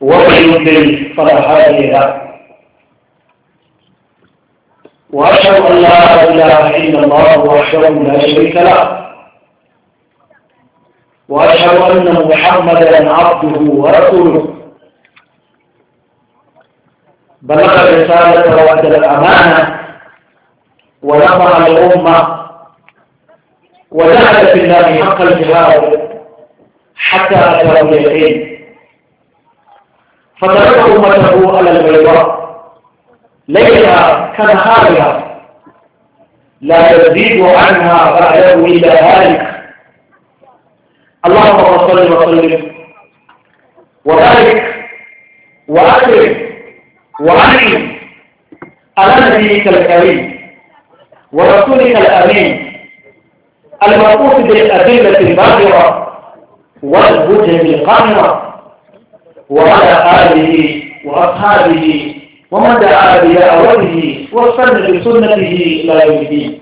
ومن فلا واشهد ان لا اله الا الله أن لا شريك له واشهد ان محمدا عبده ورسوله بلغ الرساله وادى الامانه ونظر الامه وجعل في الله حق الجهاد حتى أتى اليقين فترك أمته على البيضاء ليلها كنهارها لا يزيد عنها رأيه إلا هالك اللهم صل وسلم وبارك وأكرم وعلم على نبيك الكريم ورسولك الأمين المبعوث بالأدلة الباهرة والهجم القاهرة وعلى آله وأصحابه ومن دعا بدعوته واستنى بسنته إلى يوم الدين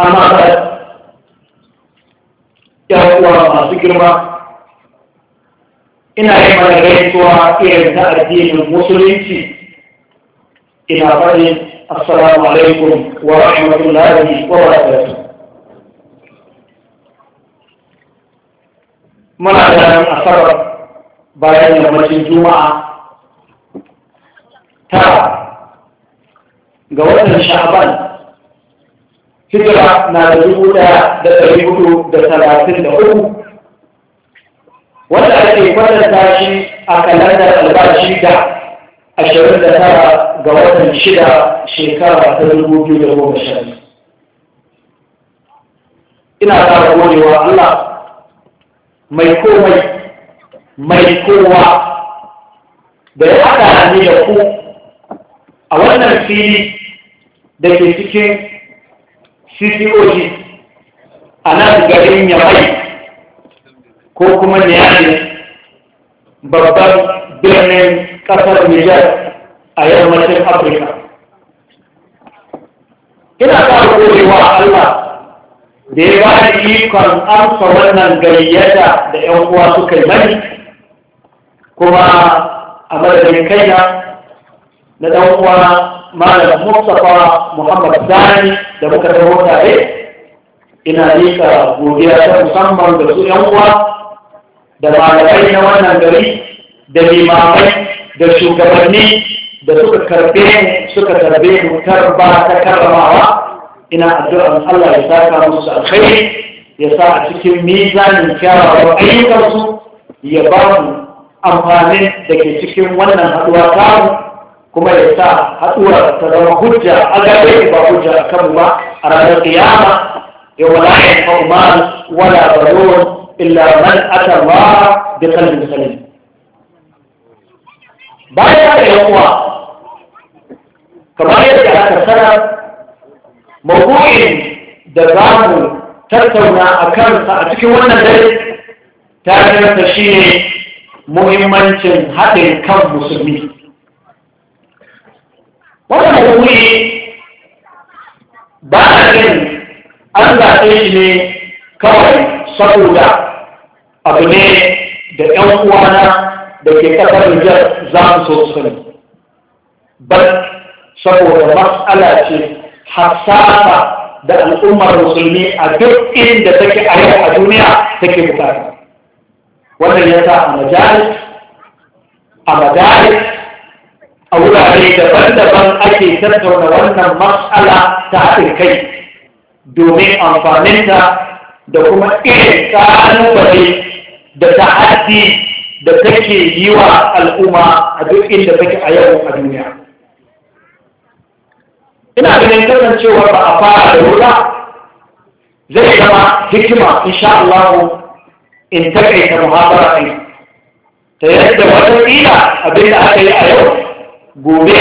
أما بعد يا أخوة ما سكرما ina yi mana gaisuwa irin ta addinin musulunci ina faɗin assalamu alaikum wa rahmatullahi wa barakatuh muna ganin asabar bayan yammacin juma'a ta ga watan sha'aban hijira na da dubu ɗaya da ɗari hudu da talatin da uku wanda ake kwatanta tashi a kalandar albashi da ashirin da tara ga watan shida shekara ta dubu biyu da goma sha ina gode wa Allah mai komai mai kowa da ya haɗa ni da ku a wannan fili da ke cikin CCOG a nan garin yamai ko kuma niyali babban birnin ƙasar Nijar a yammacin Afirka. Ina ƙara wa Allah da ya ba da ikon amsa wannan gayyata da ‘yan uwa suka yi mani kuma a madadin kaina na ɗan uwa malam Mustapha Muhammad Sani da muka taho tare ina nika godiya ta musamman da su ‘yan uwa da malamai na wannan gari da limamai da shugabanni da suka karbe suka karbe mutar ba ta karramawa ina addu'ar Allah ya saka musu alkhairi ya sa a cikin mizanin kyawawan ayyukansu ya ba mu amfanin da ke cikin wannan haɗuwa tamu kuma ya sa haɗuwar ta zama hujja a gare ba hujja a kanmu ba a ranar kiyama ya wala ya ma'umal wala barun illa man ata ba da kalbin salim bayan da yawa kamar yadda aka sanar mawuyin da za mu tattauna a kansa a cikin wannan dare ta tarihinsa shi ne muhimmancin haɗin kan musulmi wannan mawuyi ba a yin an zaɓe shi ne kawai saboda abu ne da ‘yan uwana da ke ƙasar Nijar za mu so su sani. Bar saboda matsala ce hassasa da al'ummar musulmi a duk inda take a yau a duniya take bukata wannan ya sa a majalis a majalis a wurare daban-daban ake tattauna wannan matsala ta haɗin kai domin amfaninta da kuma irin ƙalubale da ta'addi da take yi wa al'umma a duk inda take a yau a duniya ina ganin cewa ba a fara da wuri zai zama hikima insha Allah in takaita muhabara ɗin ta yadda wata ƙila abin da aka yi a yau gobe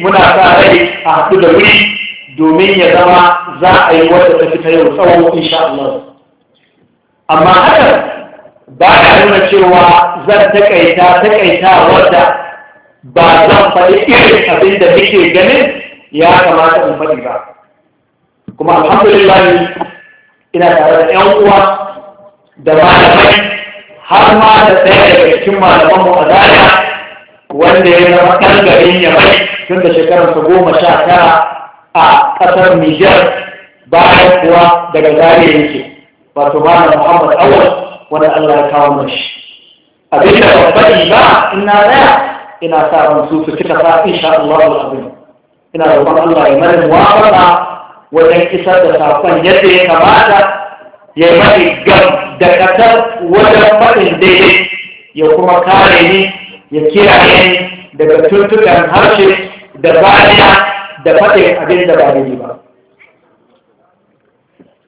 muna sa rai a haɗu da wuri domin ya zama za a yi wata tafi ta yau tsawo insha Allah amma haka ba ya nuna cewa zan takaita takaita wata ba zan faɗi irin abin da muke ganin ya kamata in faɗi ba kuma alhamdulillah ina tare da 'yan uwa da malamai har ma da ɗaya daga cikin malamanmu a zariya wanda ya zama ɗan garin yamai tun da shekararsa goma sha tara a ƙasar Nijar bayan kuwa daga zariya yake wato malam Muhammad Awal wanda Allah ya kawo mashi abin da faɗi ba ina tsaya ina sa ran su su cika sa insha Allah ina roƙon Allah ya mana muwafaka wajen isar da sakon yadda ya kamata ya mani gam da ƙasar wajen faɗin daidai ya kuma kare ni ya kiyaye ni daga tuntukan harshe da baniya da faɗin abin da ba daidai ba.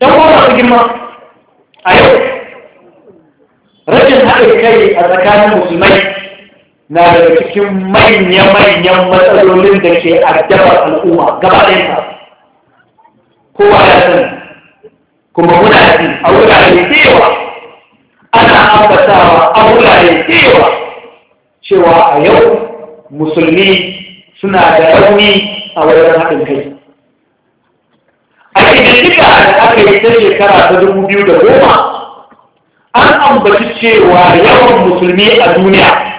Ɗan kuma su girma a yau rashin haɗin kai a tsakanin musulmai na daga cikin manya-manyan matsalolin da ke addabar al'umma gaba ɗaya kowa ya san kuma muna ji a wurare cewa ana ambatawa a wurare cewa cewa a yau musulmi suna da rauni a wajen haɗin kai a ƙididdiga da aka yi ta shekara ta dubu biyu da goma an ambaci cewa yawan musulmi a duniya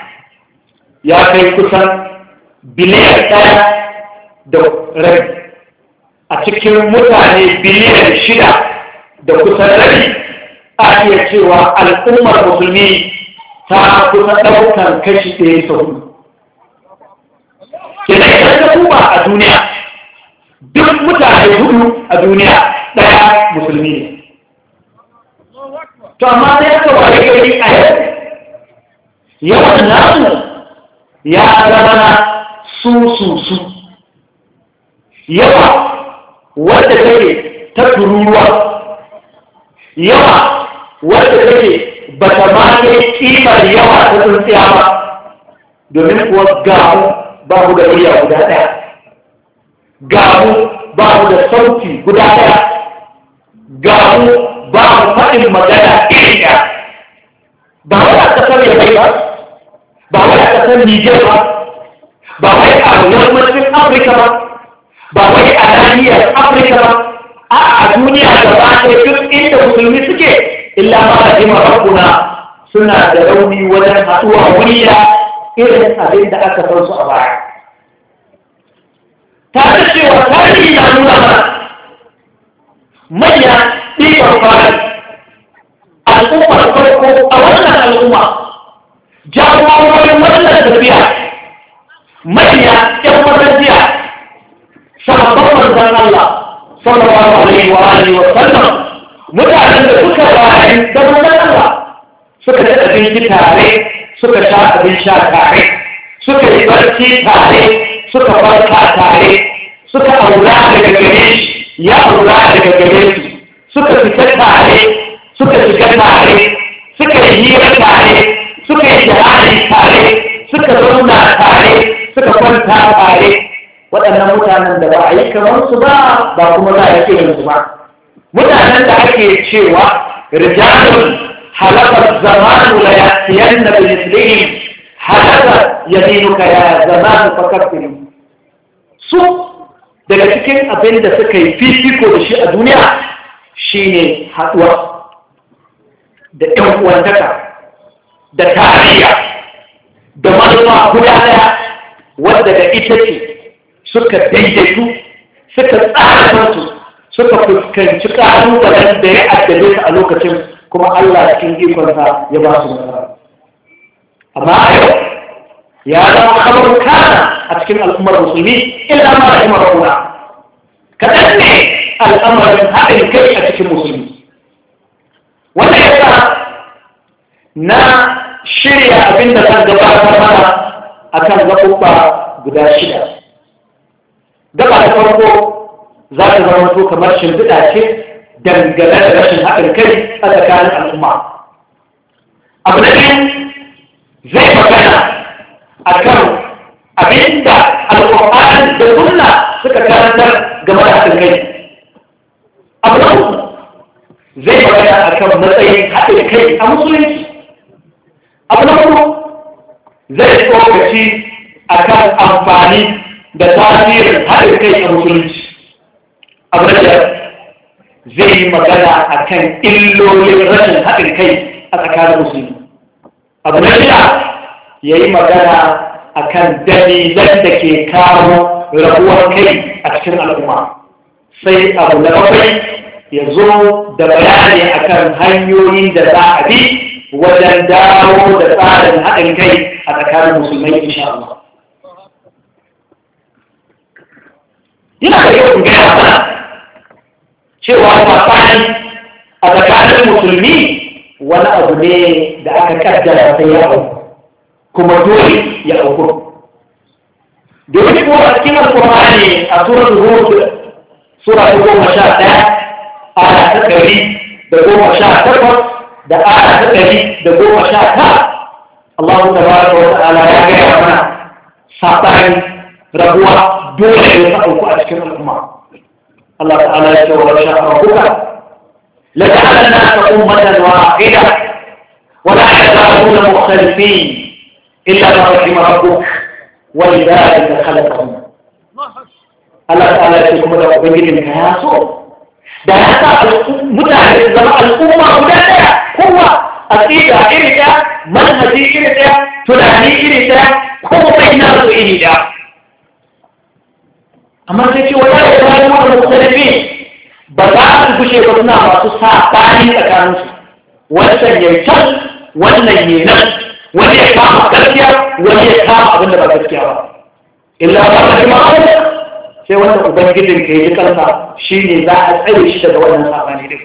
ya kai kusan biliyan ɗaya da rai a cikin mutane biliyan shida da kusan rai a iya cewa al'ummar musulmi ta kusa ɗaukar kashi ɗaya sau hudu. Kenan idan ta kuma a duniya duk mutane hudu a duniya ɗaya musulmi ne. To amma sai aka ware gari a yau yawan nasu ya zama su su su yawa wadda take ta turuwa yawa wadda take ba ta ma ne kimar yawa ta tsuntsiya ba domin kuwa gamu babu da murya guda daya gamu babu da sauti guda daya gamu babu faɗin magana iri ɗaya ba wadda ta ƙasar ya bai ba ba wai a ƙasar Nijar ba ba wai a yammacin Afirka ba ba wai a nahiyar Afirka ba a a duniya a ɗaya duk inda musulmi suke illa ma a jima rabbuna suna da rauni wajen haɗuwa wuri irin abin da aka san su a baya Ta da cewa tarihi na nuna mana manya ɗiban fara al'ummar farko a wannan al'umma jagororin wannan tafiya manya ƴan mazajiya sahabban manzon Allah sallallahu alaihi wa alihi wa sallam mutanen da suka rayu da manzon Allah suka ci abinci tare suka sha abin sha tare suka yi barci tare suka farka tare suka aura daga gare shi ya aura daga gare su suka fita tare suka shiga tare suka yi hira tare suka yi jihari tare suka zauna tare suka kwanta tare waɗannan mutanen da ba a yi kamar su ba ba kuma za a yi yanzu ba mutanen da ake cewa rijalun halakar zamanu la yasiyan na bilislihin halakar yaminuka ya zamanu fakafirin su daga cikin abin da suka yi fifiko da shi a duniya shine haɗuwa da ƴan uwantaka da tarayya da manufa guda daya wadda da ita ce suka daidaitu suka tsara suka fuskanci ƙalubalen da ya addabe su a lokacin kuma Allah cikin ikonsa ya ba su nasara amma a yau ya zama kamar kana a cikin al'ummar musulmi ila ma da kuma rauna kaɗan ne al'amarin haɗin kai a cikin musulmi wannan yasa na shirya abin da zan gabatar mana kan zaɓuɓɓa guda shida gaba da farko za ta zama to kamar shimfiɗa ce dangane da rashin haɗin kai a tsakanin al'umma abu na biyu zai magana kan abin da al'umma da sunna suka karantar game da haɗin kai abu na uku zai magana akan matsayin haɗin kai a musulunci abu zai tsokaci a kan amfani da tasirin haɗin kai a musulunci abu na zai yi magana a kan illolin rashin haɗin kai a tsakanin musulmi abu na ya yi magana a kan dalilan da ke kawo rabuwar kai a cikin al'umma sai abu na bakwai ya zo da bayani a kan hanyoyin da za a bi wajen dawo da tsarin haɗin kai a tsakanin musulmai in sha Allah. Yana da yau gaya mana cewa tsakanin a tsakanin musulmi wani abu ne da aka kaddara ta yawon kuma dole ya auku. Domin kuwa a cikin ne a surar Hud sura ta goma sha ɗaya a ta ɗari da goma sha takwas da aya ta ɗari da goma sha ta Allah ta ba da wata ala ya gaya mana saɓani rabuwa dole ne ta auku a cikin al'umma Allah ta'ala ya ce wa sha rabbuka لجعلنا أمة واحدة ولا يزالون مختلفين إلا ما رحم ربك ولذلك خلقهم الله تعالى يقول لك بني من هاسو da ya sa mutane zama al'umma guda ɗaya kowa aƙida iri ɗaya manhaji iri ɗaya tunani iri ɗaya komai na su iri ɗaya amma sai ce wani ya zama wani musulmi ba za su gushe ba suna masu saɓani tsakaninsu Wannan ya can wannan ya nan wani ya kama gaskiya wani ya kama abin da ba gaskiya ba illa ba ta jima'a sai wannan ubangijin ka yi kansa shi ne za a tsare shi daga wannan sabani din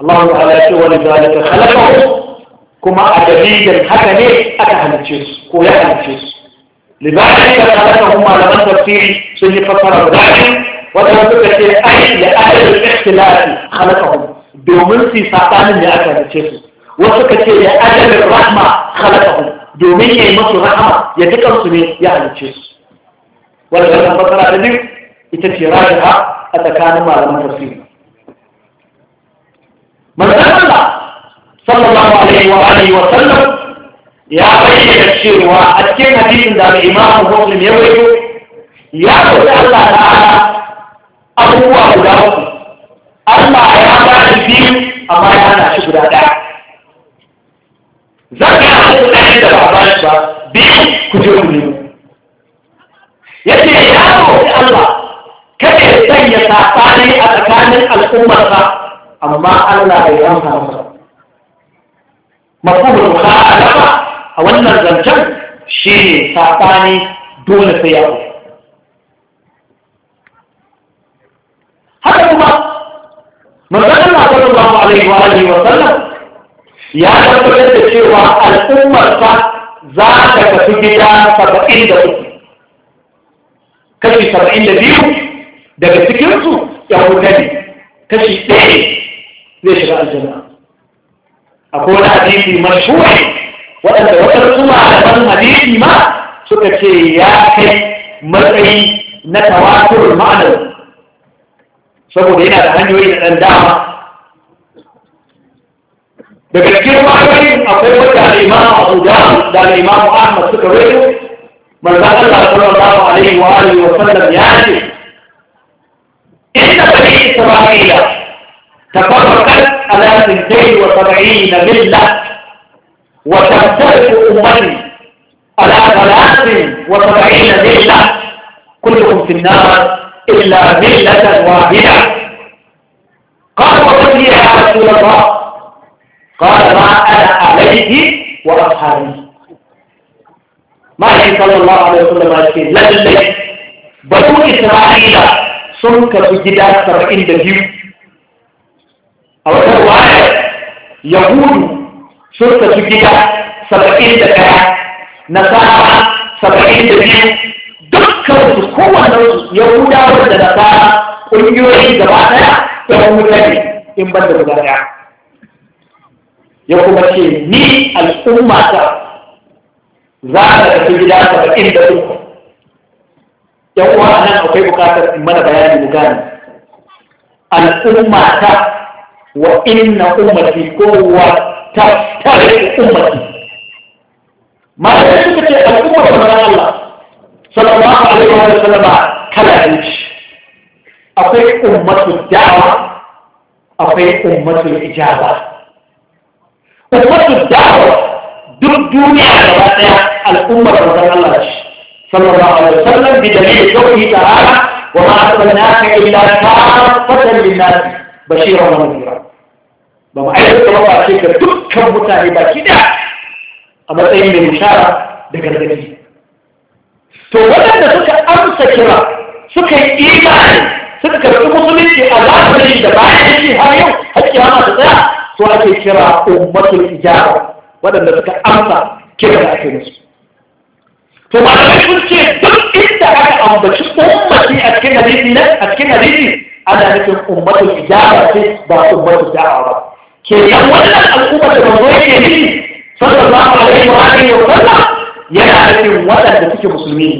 Allahu ta'ala ya ce wani zalika khalaqahu kuma a dalilin haka ne aka halice su ko ya halice su libani da ta kuma malaman tafsiri sun yi fassara guda biyu wanda suka ce ai ya ayar ikhtilafi khalaqahu domin su sabanin ne aka halice su wasu suka ce ya ajal rahma khalaqahu domin yayi musu rahama ya dukan su ne ya halice su wannan fasara da biyu ita ce rajiha a tsakanin malaman tafsiri manzon Allah sallallahu alaihi wa alihi wa sallam ya bayyana cewa a cikin hadisin da mai imamu muslim ya bayyana ya roƙi Allah ta'ala abubuwa guda uku Allah ya ba da biyu amma ya hana shi guda ɗaya zan ga abu da ba ba biyu ku je ku nemo yake ya roƙi Allah kada ya sanya saɓani a tsakanin al'ummarsa amma Allah bai amsa masa mafhumul mukhalafa a wannan zancen shi ne saɓani dole sai ya haka kuma manzon Allah sallallahu alaihi wa alihi wa sallam ya tabbatar da cewa al'ummarsa za ta tafi gida saba'in da uku kashi saba'in da biyu daga cikinsu yahuda ne kashi ɗaya zai shiga aljanna akwai wani hadisi mashhuri waɗanda wata suma da wani hadisi ma suka ce ya kai matsayi na tawatur ma'anar saboda yana da hanyoyi da ɗan dama daga cikin ma'anar akwai wata imam abu da da imam ahmad suka rayu manzan Allah sallallahu alaihi wa alihi wa sallam ya ce inna bani isra'ila tafarraqat ala 72 milla wa taftariqu ummati ala 73 milla كلهم في النار إلا ملة واحدة قال ومن هي يا رسول الله قال ما أنا عليه وأصحابي ma'a da alaihi da ya ce lalle su isra'ila sun karbi gida saba'in da biyu a wata ruwaya yahudu sun karbi gida saba'in da na nasara saba'in da biyu dukkan su kowane yahudawa da nasara ƙungiyoyi gaba ɗaya mu mutane in ban da guda ya kuma ce ni al'umma ta za ka tafi gida saba'in da uku yan uwa nan akwai bukatar mana bayani mu gane al'umma ta wa inna ummati ko wa ta tare ummati ma da suka ce al'umma ta manzon Allah sallallahu alaihi wa sallam kala biyu akwai ummatu da'wa akwai ummatu ijaba ummatu da'wa duk duniya gaba daya al'ummar manzon Allah da shi sallallahu alaihi wasallam bi dalil qawli ta'ala wa ma arsalnaka illa kaffatan lin-nas bashiran wa nadhira ba mu aika ba ba ce ga dukkan mutane baki da a matsayin mai bishara da gargadi to waɗanda suka amsa kira suka yi imani suka karɓi musulunci a zamanin da bayan shi har yau har kiyama ta tsaya su ake kira ummatul ijaba waɗanda suka amsa kira da ake musu to malamai sun ce duk inda aka ambaci ummati a cikin hadisi nan a cikin hadisi ana nufin ummatul ijaba ce ba ummatul da'awa ba ke nan wannan al'ummar da manzo yake nufi sallallahu alaihi wa alihi wa sallam yana nufin waɗanda suke musulmi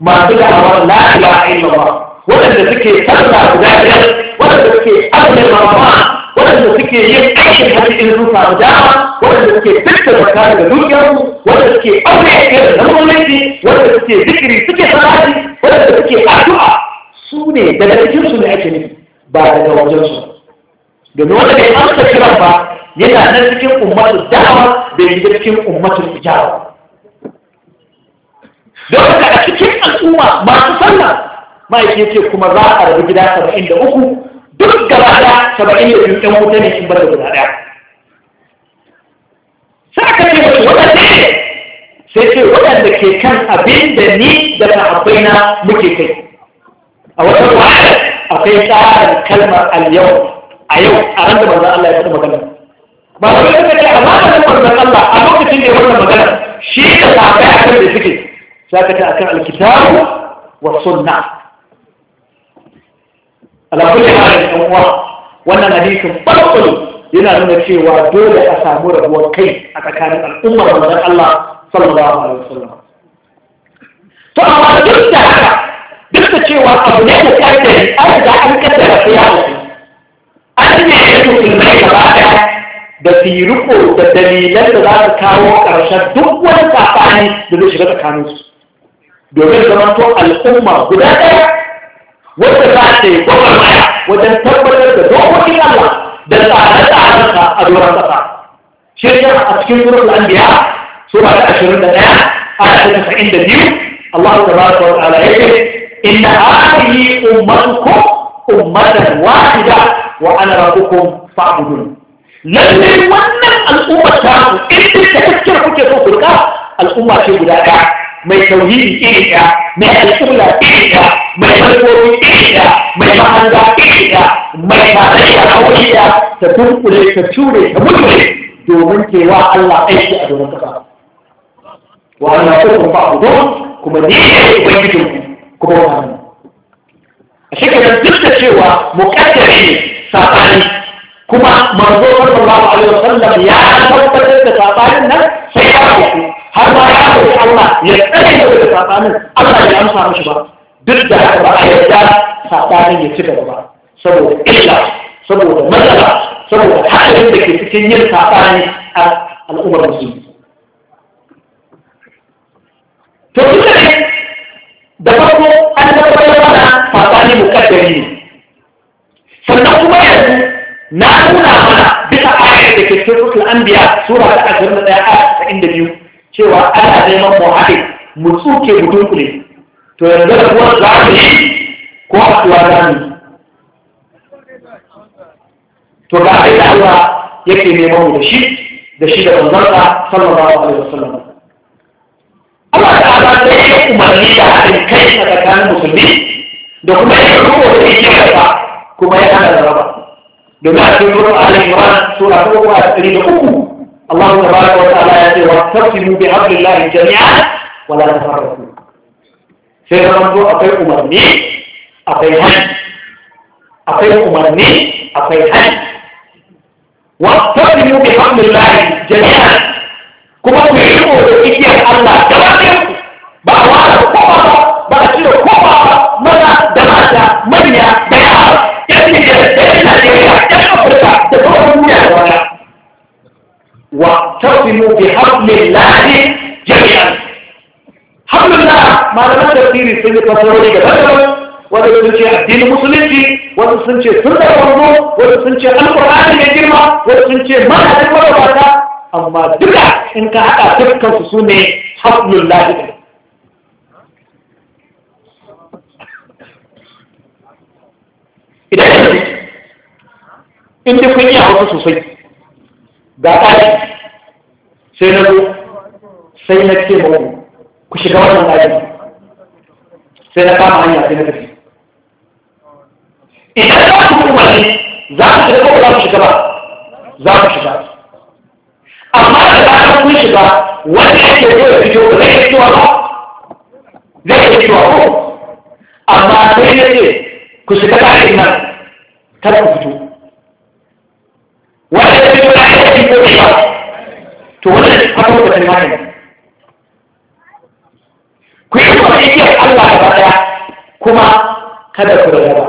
masu da'awa la ilaha illallah waɗanda suke sallah guda biyar waɗanda suke azumi ramadan waɗanda suke yin aikin hajji in sun samu dama waɗanda suke da kare ga dukiyar su waɗanda suke aure a kiyar da gwamnati waɗanda suke zikiri suke sarari waɗanda suke addu'a su ne daga cikin su ne ake nufi ba daga wajen su domin wanda bai amsa kiran ba yana nan cikin ummatu dama da yanzu cikin ummatu ijawa don haka a cikin al'umma masu sallah ma'aikin ce kuma za a rabu gida saba'in da uku duk gaba da saba'in da biyu ɗan wuta ne sun bar da guda ɗaya sai ne ce musu waɗanda ne sai ce waɗanda ke kan abin da ni da sahabbai na muke kai a wata wa'ada akwai tsarin kalmar al a yau a ran da manzon Allah ya faɗi magana ba su da kace amma da manzon Allah a lokacin da ya wannan magana shi da sahabbai akan da suke sai ka ce akan al-kitabu wa sunnah alakulli halin ɗan uwa wannan hadisin farko yana nuna cewa dole a samu rabuwar kai a tsakanin al'ummar manzon Allah sallallahu alaihi wasallam to amma duk da haka duk da cewa abu ne da kaddari an da an kaddara da ya mutu an ne ya musulmai gaba daya da su da dalilan da za su kawo ƙarshen duk wani saɓani da zai shiga tsakaninsu domin zama to al'umma guda ɗaya wanda za ta yi gwagwarmaya wajen tabbatar da dokokin Allah da tsare-tsarensa a doron ƙasa. Shirya a cikin surun su ba da ashirin da ɗaya, ana ta sa'in da biyu, Allah ta ba ta wata ya ce, Inna Umar ummatukum ummatan wahida wa ana rabbukum fa'budun. Lallai wannan al'ummar ta in duk da kuke so ku rika al'umma ce guda ɗaya. mai tauhidi iri ɗaya mai alƙibla iri ɗaya mai manufofi iri ɗaya mai mahanga iri ɗaya mai tarayya a wani ɗaya ta tunkule ta ture ta mutuwe domin kewa Allah aiki a domin kasa wa Allah ko kuma fa'udu kuma ni ne ku kuma wannan a shekarar duk da cewa muƙaddari ne sabani kuma manzo sallallahu alaihi wasallam ya tabbatar da sabanin nan sai ya rufe har ma ya roki Allah ya tsare da sabanin Allah ya amsa mishi ba duk da ba a yarda sabanin ya ci gaba saboda illa saboda matsala saboda hadarin da ke cikin yin sabani a al'ummar musulmi to duk da da farko an tabbatar da sabani mukaddari sannan kuma yanzu na nuna mana bisa ayar da ke cikin rusul anbiya sura ta ashirin da ɗaya a casa'in inda biyu cewa ana neman mu haɗe mu tsuke mu dunkule to yanzu da kuwa za mu yi ko a tuwa za mu yi. to ga abin da Allah yake neman mu da shi da shi da manzansa sallallahu alaihi wasallam Allah ta'ala sai ya umarni da haɗin kai a tsakanin musulmi da kuma ya rubo da yake kuma ya hana da raba بما في سورة آل عمران سورة أخرى أسرين الله تبارك وتعالى يقول واستقسموا بحبل الله جميعا ولا تفرقوا سيدنا منذ أقل أمرني أقل هن أقل أمرني أقل هن واستقسموا بحبل الله جميعا كما تشعروا بإجيال الله تبارك ba wa da kowa ba ba a وعظموا بحبل الله جميعا حبل الله ما لم تكن سنة تصوري بذلك وذلك من شيء الدين المسلم وذلك من شيء سنة الرضو وذلك من شيء القرآن الكريم وذلك من شيء من أجل الرباطة أما دكا إنك أتا تبقى سنة حبل الله جميعا إذا كنت إنت كنت أعطي سوسي ذا تعالي sai na zo sai na ce mu ku shiga wannan ɗaki sai na kama hanya sai na tafi idan za ku kuma ne za ku shiga ko za ku shiga ba za ku shiga amma da za ku kun shiga wanda yake zo ya fito ba zai fitowa ba zai fitowa ko amma sai ya ce ku shiga ɗakin nan kada ku fito wanda ya fito na ya fito ba تولد فاروق بن مريم ku yi kwanciyar Allah gaba ɗaya kuma kada ku rarraba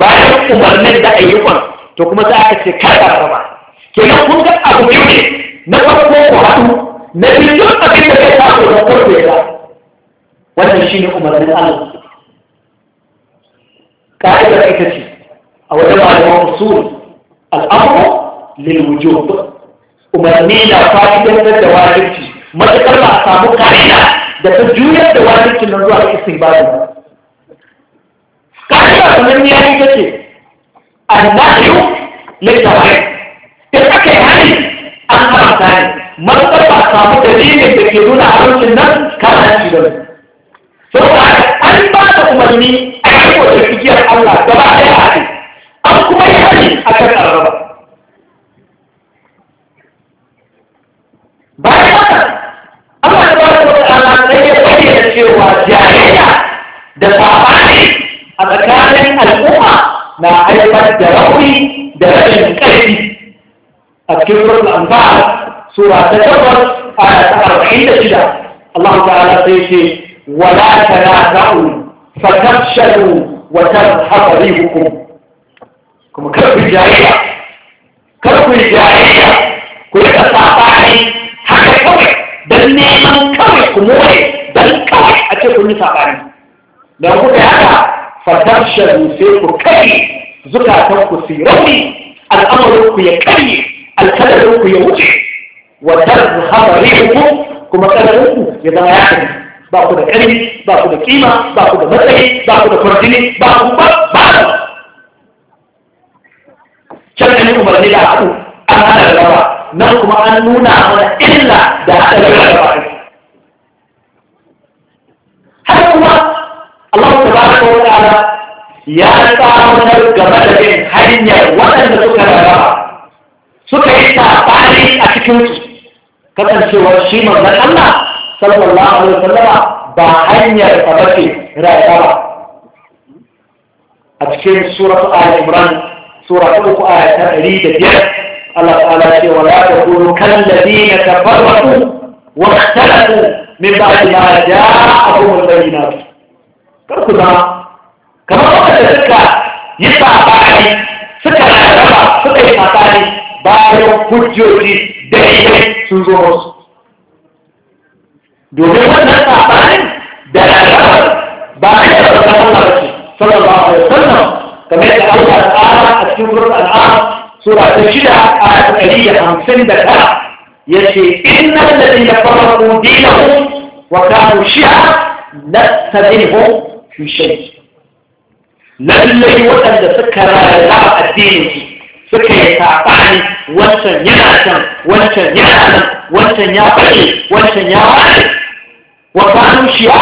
bayan umarnin da a yi kwan to kuma za a ce kada rarraba kenan kun ga abu biyu ne na farko ku haɗu na biyu duk abin da zai samu da farko ya wannan shine umarnin Allah ka'idar ita ce a wajen malaman usul al'amru lil wujub umarni na fasikantar da wajibci matuƙar ba a samu kariya da ta juyar da wajibcin nan zuwa da ba. ga ya yi kamar ni yayin kace annahu lillahi in ta yi hari an ta ne matuƙar ba a samu dalilin da ke nuna haramcin nan kana shi da mai saboda an ba da umarni a yi wa tafiyar Allah gaba ɗaya a an kuma yi hari a kan araba bayan haka Allah ya bada wata ala sai ya bayyana cewa jahiliya da sabani a tsakanin al'umma na haifar da rauni da rashin ƙarfi a cikin rukun anfal sura ta takwas a arba'in da shida Allah ta'ala sai ce wala tanaza'u fatafshalu wa tadhhabu rihukum kuma kar ku jahiliya kar ku jahiliya ku rika sabani don neman kawai ku more don kawai a ce kun yi saɓani da ku da haka fatar sharu sai ku kai zukatan ku su rauni al'amarin ku ya kai alkalarin ku ya wuce wa tarhaba rihukum kuma kalarin ku ya zama ya kai ba ku da ƙarfi ba ku da kima ba ku da matsayi ba ku da kwarjini ba ku ba ba can ne umarni da haɗu an hana da rawa nan kuma an nuna mana illa da haɗa da ba haka kuma Allah ta ba ta wata ala ya samar gaba da bin hanyar waɗanda suka raba suka yi sabani a cikin cikinsu kasancewar shi manzon Allah sallallahu alaihi wasallama ba hanyar ta bace rayuwa a cikin suratu Ali Imran sura ta uku aya ta ɗari biyar الله تعالى يقول ولا تكونوا كالذين تفرقوا واختلفوا من بعد ما جاءهم البينات كركنا كما وقت سكا يسعى باعي سكا العربة سكا يسعى باعي فجوري دائما سنزوروس دومي وانا يسعى دائما دعيني باعي صلى الله عليه وسلم كما يتعلم الآن السنزور الآن سورة تشدة آية قليلة خمسين دكاء يشي إن الذين فرقوا دينهم وكانوا شيعا لست منهم في شيء للي وأن سكر لعب الدين suka yi saɓani wancan yana can wancan yana nan wancan ya faɗi wancan ya faɗi wakanun shiya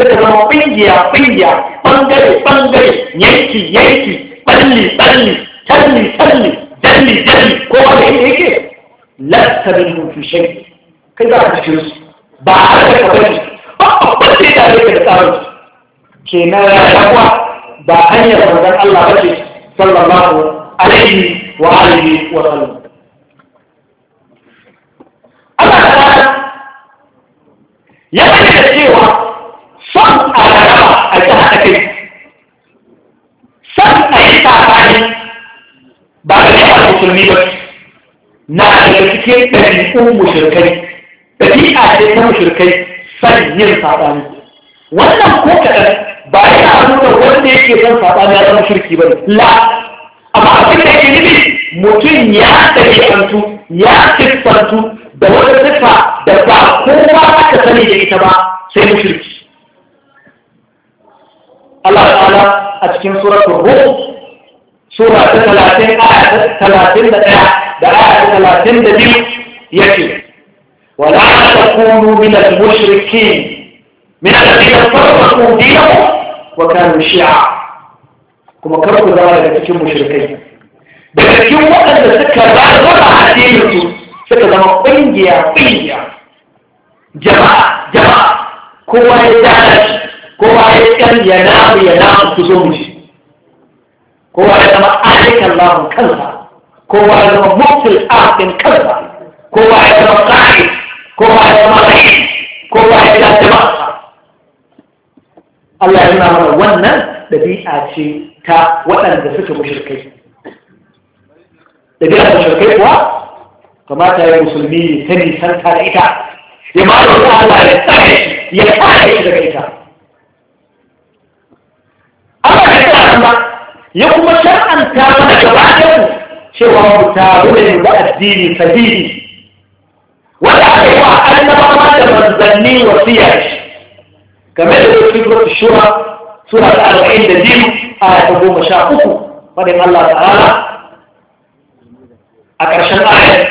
suka zama ƙungiya ƙungiya ɓangare ɓangare yanki yanki ɓalli ɓalli talli talli دمي دمي كوما بحل هيك لست منهم في شيء كده راح تشوف بعد كده بس ده عليك التعرض كنا يقوى بأن يرضى الله بشي صلى الله عليه وعليه وسلم الله تعالى يبقى musulmi ba na daga cikin ɗabi'un mushrikai ɗabi'a ce ta mushirkai san yin saɓani wannan ko kaɗan ba yana nuna wanda yake son saɓani ya zama shirki ba la amma abin da yake nufi mutum ya ɗabi'antu ya siffantu da wata siffa da ba kowa aka sani da ita ba sai mushirki Allah ta'ala a cikin suratul Rum سورة ثلاثين آيات ثلاثين دعاء دعاء ثلاثين دليل ولا تكونوا من المشركين من الذين فرقوا دينهم وكانوا شيعا كما كرروا ذلك في المشركين بل في وقت ان تذكر بعد وضع دينه فكذا ما قنجيا قنجيا جماعة جماعة كما يدعش كما يتكلم ينام ينام تزومش kowa ya zama alikan lahun kansa kowa ya zama muftil arfin kansa kowa ya zama tsari kowa ya zama rahim kowa ya zama ba. Allah ya nuna mana wannan ɗabi'a ce ta waɗanda suke mushrikai ɗabi'a mushrikai kuwa kamata ya musulmi ya ta nisanta da ita ya ma da Allah ya tsare ya kare shi daga ita Allah ya tsare ba ya kuma shar'anta mana gaba ɗaya cewa mu taru ne da addini sahihi wanda aka yi wa annabawa da manzanni wasiya shi game da cikin shura sura ta arba'in da biyu a ta goma sha uku wadda Allah ta'ala a ƙarshen ayat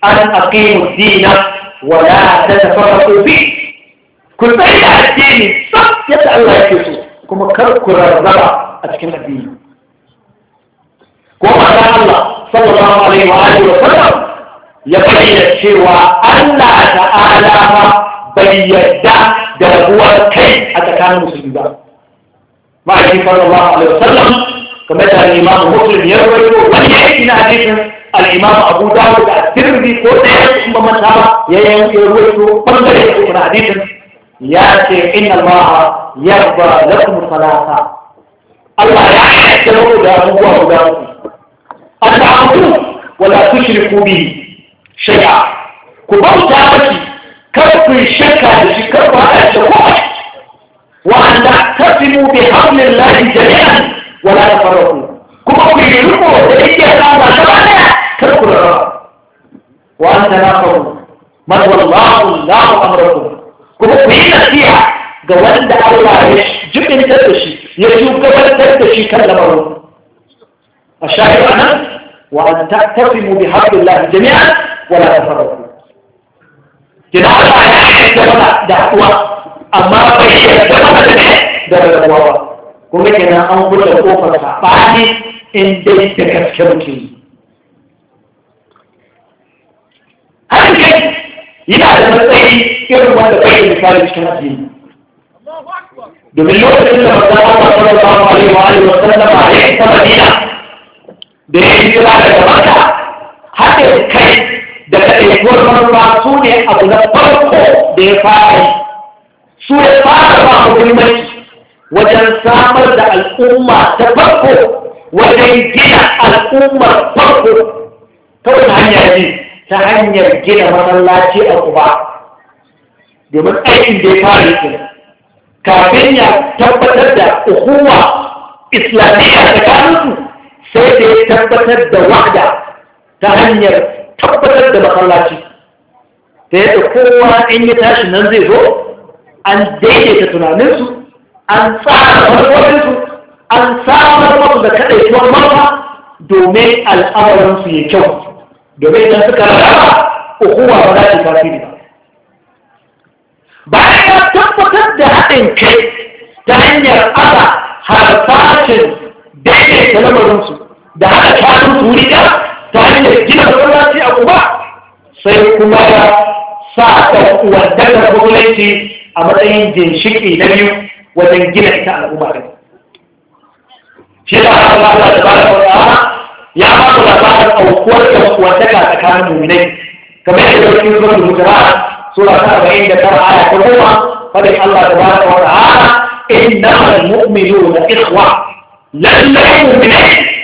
an aqimu dina wa la tatafarraqu bi ku tsaya addini sab yadda Allah yake so kuma kar ku rarraba a cikin addini ko manzon Allah sallallahu alaihi wa alihi wa sallam ya bayyana cewa Allah ta'ala ma bai yadda da rabuwar kai a tsakanin musulmi ba ma'aikin sallallahu alaihi wa sallam kamar da imam muslim ya rawaito wani aiki na hadisin al-imam abu dawud da tirmidhi ko da ya kuma manta ya yanke rawaito bangare da kuma hadisin ya ce inna allaha yarda lakum salata Allah ya yarda da abubuwa guda uku أن ولا تشركوا به شيئا كبوتا بكي كرب شكا لشكرب على الشكوك وأن تعتصموا بحبل الله جميعا ولا تفرقوا كما يقولوا لديك هذا شبعنا كرب الرب وأن تنافروا من والله الله أمركم كما قيل فيها قوان دا الله جبن تدشي يجوب قوان تدشي كلمه الشاهد أنا وأن تعتصموا بحق الله جميعا ولا تفرقوا كده على الجماعة دعوة أما بيش الجماعة دعوة دعوة كم كنا أنظر الأوفة بعد إن دعيت كفكرك أنت إلى المسيح كم هذا بيش مثال الشمسي دمنا في المدرسة الله عليه وسلم عليه da ya yi jira haɗin kai da kaɗaikuwar manufa su ne abu na farko da ya fara su ya fara ba muhimmanci wajen samar da al'umma ta farko wajen gina al'ummar farko ta wani hanya ne ta hanyar gina masallaci a ba. domin aikin da ya fara yi kafin ya tabbatar da hukuma islamiyya kanunsu sai da ya tabbatar da wa'ada ta hanyar tabbatar da masallaci ta yadda kowa in yi tashi nan zai zo an daidaita tunaninsu an tsara farfarinsu an samar masu da kaɗaituwar mafa domin al'amuransu ya kyau domin idan suka raba hukuma ba za ta tasiri ba bayan ya tabbatar da haɗin kai ta hanyar aza harfashin daidaita lamarinsu da haka shanun su wuri ta hanyar gina masallaci a kuma sai kuma ya sa ta da musulunci a matsayin ginshiƙi na biyu wajen gina ita al'umma ɗin shi da aka ba da dabara da ta'ala ya ba da labarin aukuwar da wadaka tsakanin muminai kamar yadda wani zuwa da mutara sura ta arba'in da tara aya ta goma fadin Allah da ba da wa ta'ala innamal mu'minuna ikhwa lallai muminai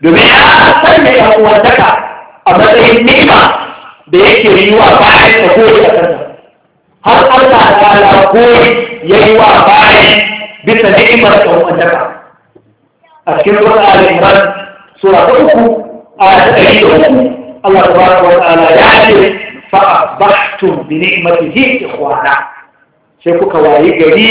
domin ya san da yan uwantaka a matsayin nema da yake yi wa bayan da koyi a kansa har Allah ta ala koyi ya yi wa bayan bisa ni'imar da uwantaka a cikin wata al'imran sura ta uku a ɗari da uku Allah ta baraka wa ta'ala ya ce fa asbahtum bi ni'matihi ikhwana sai kuka wayi gari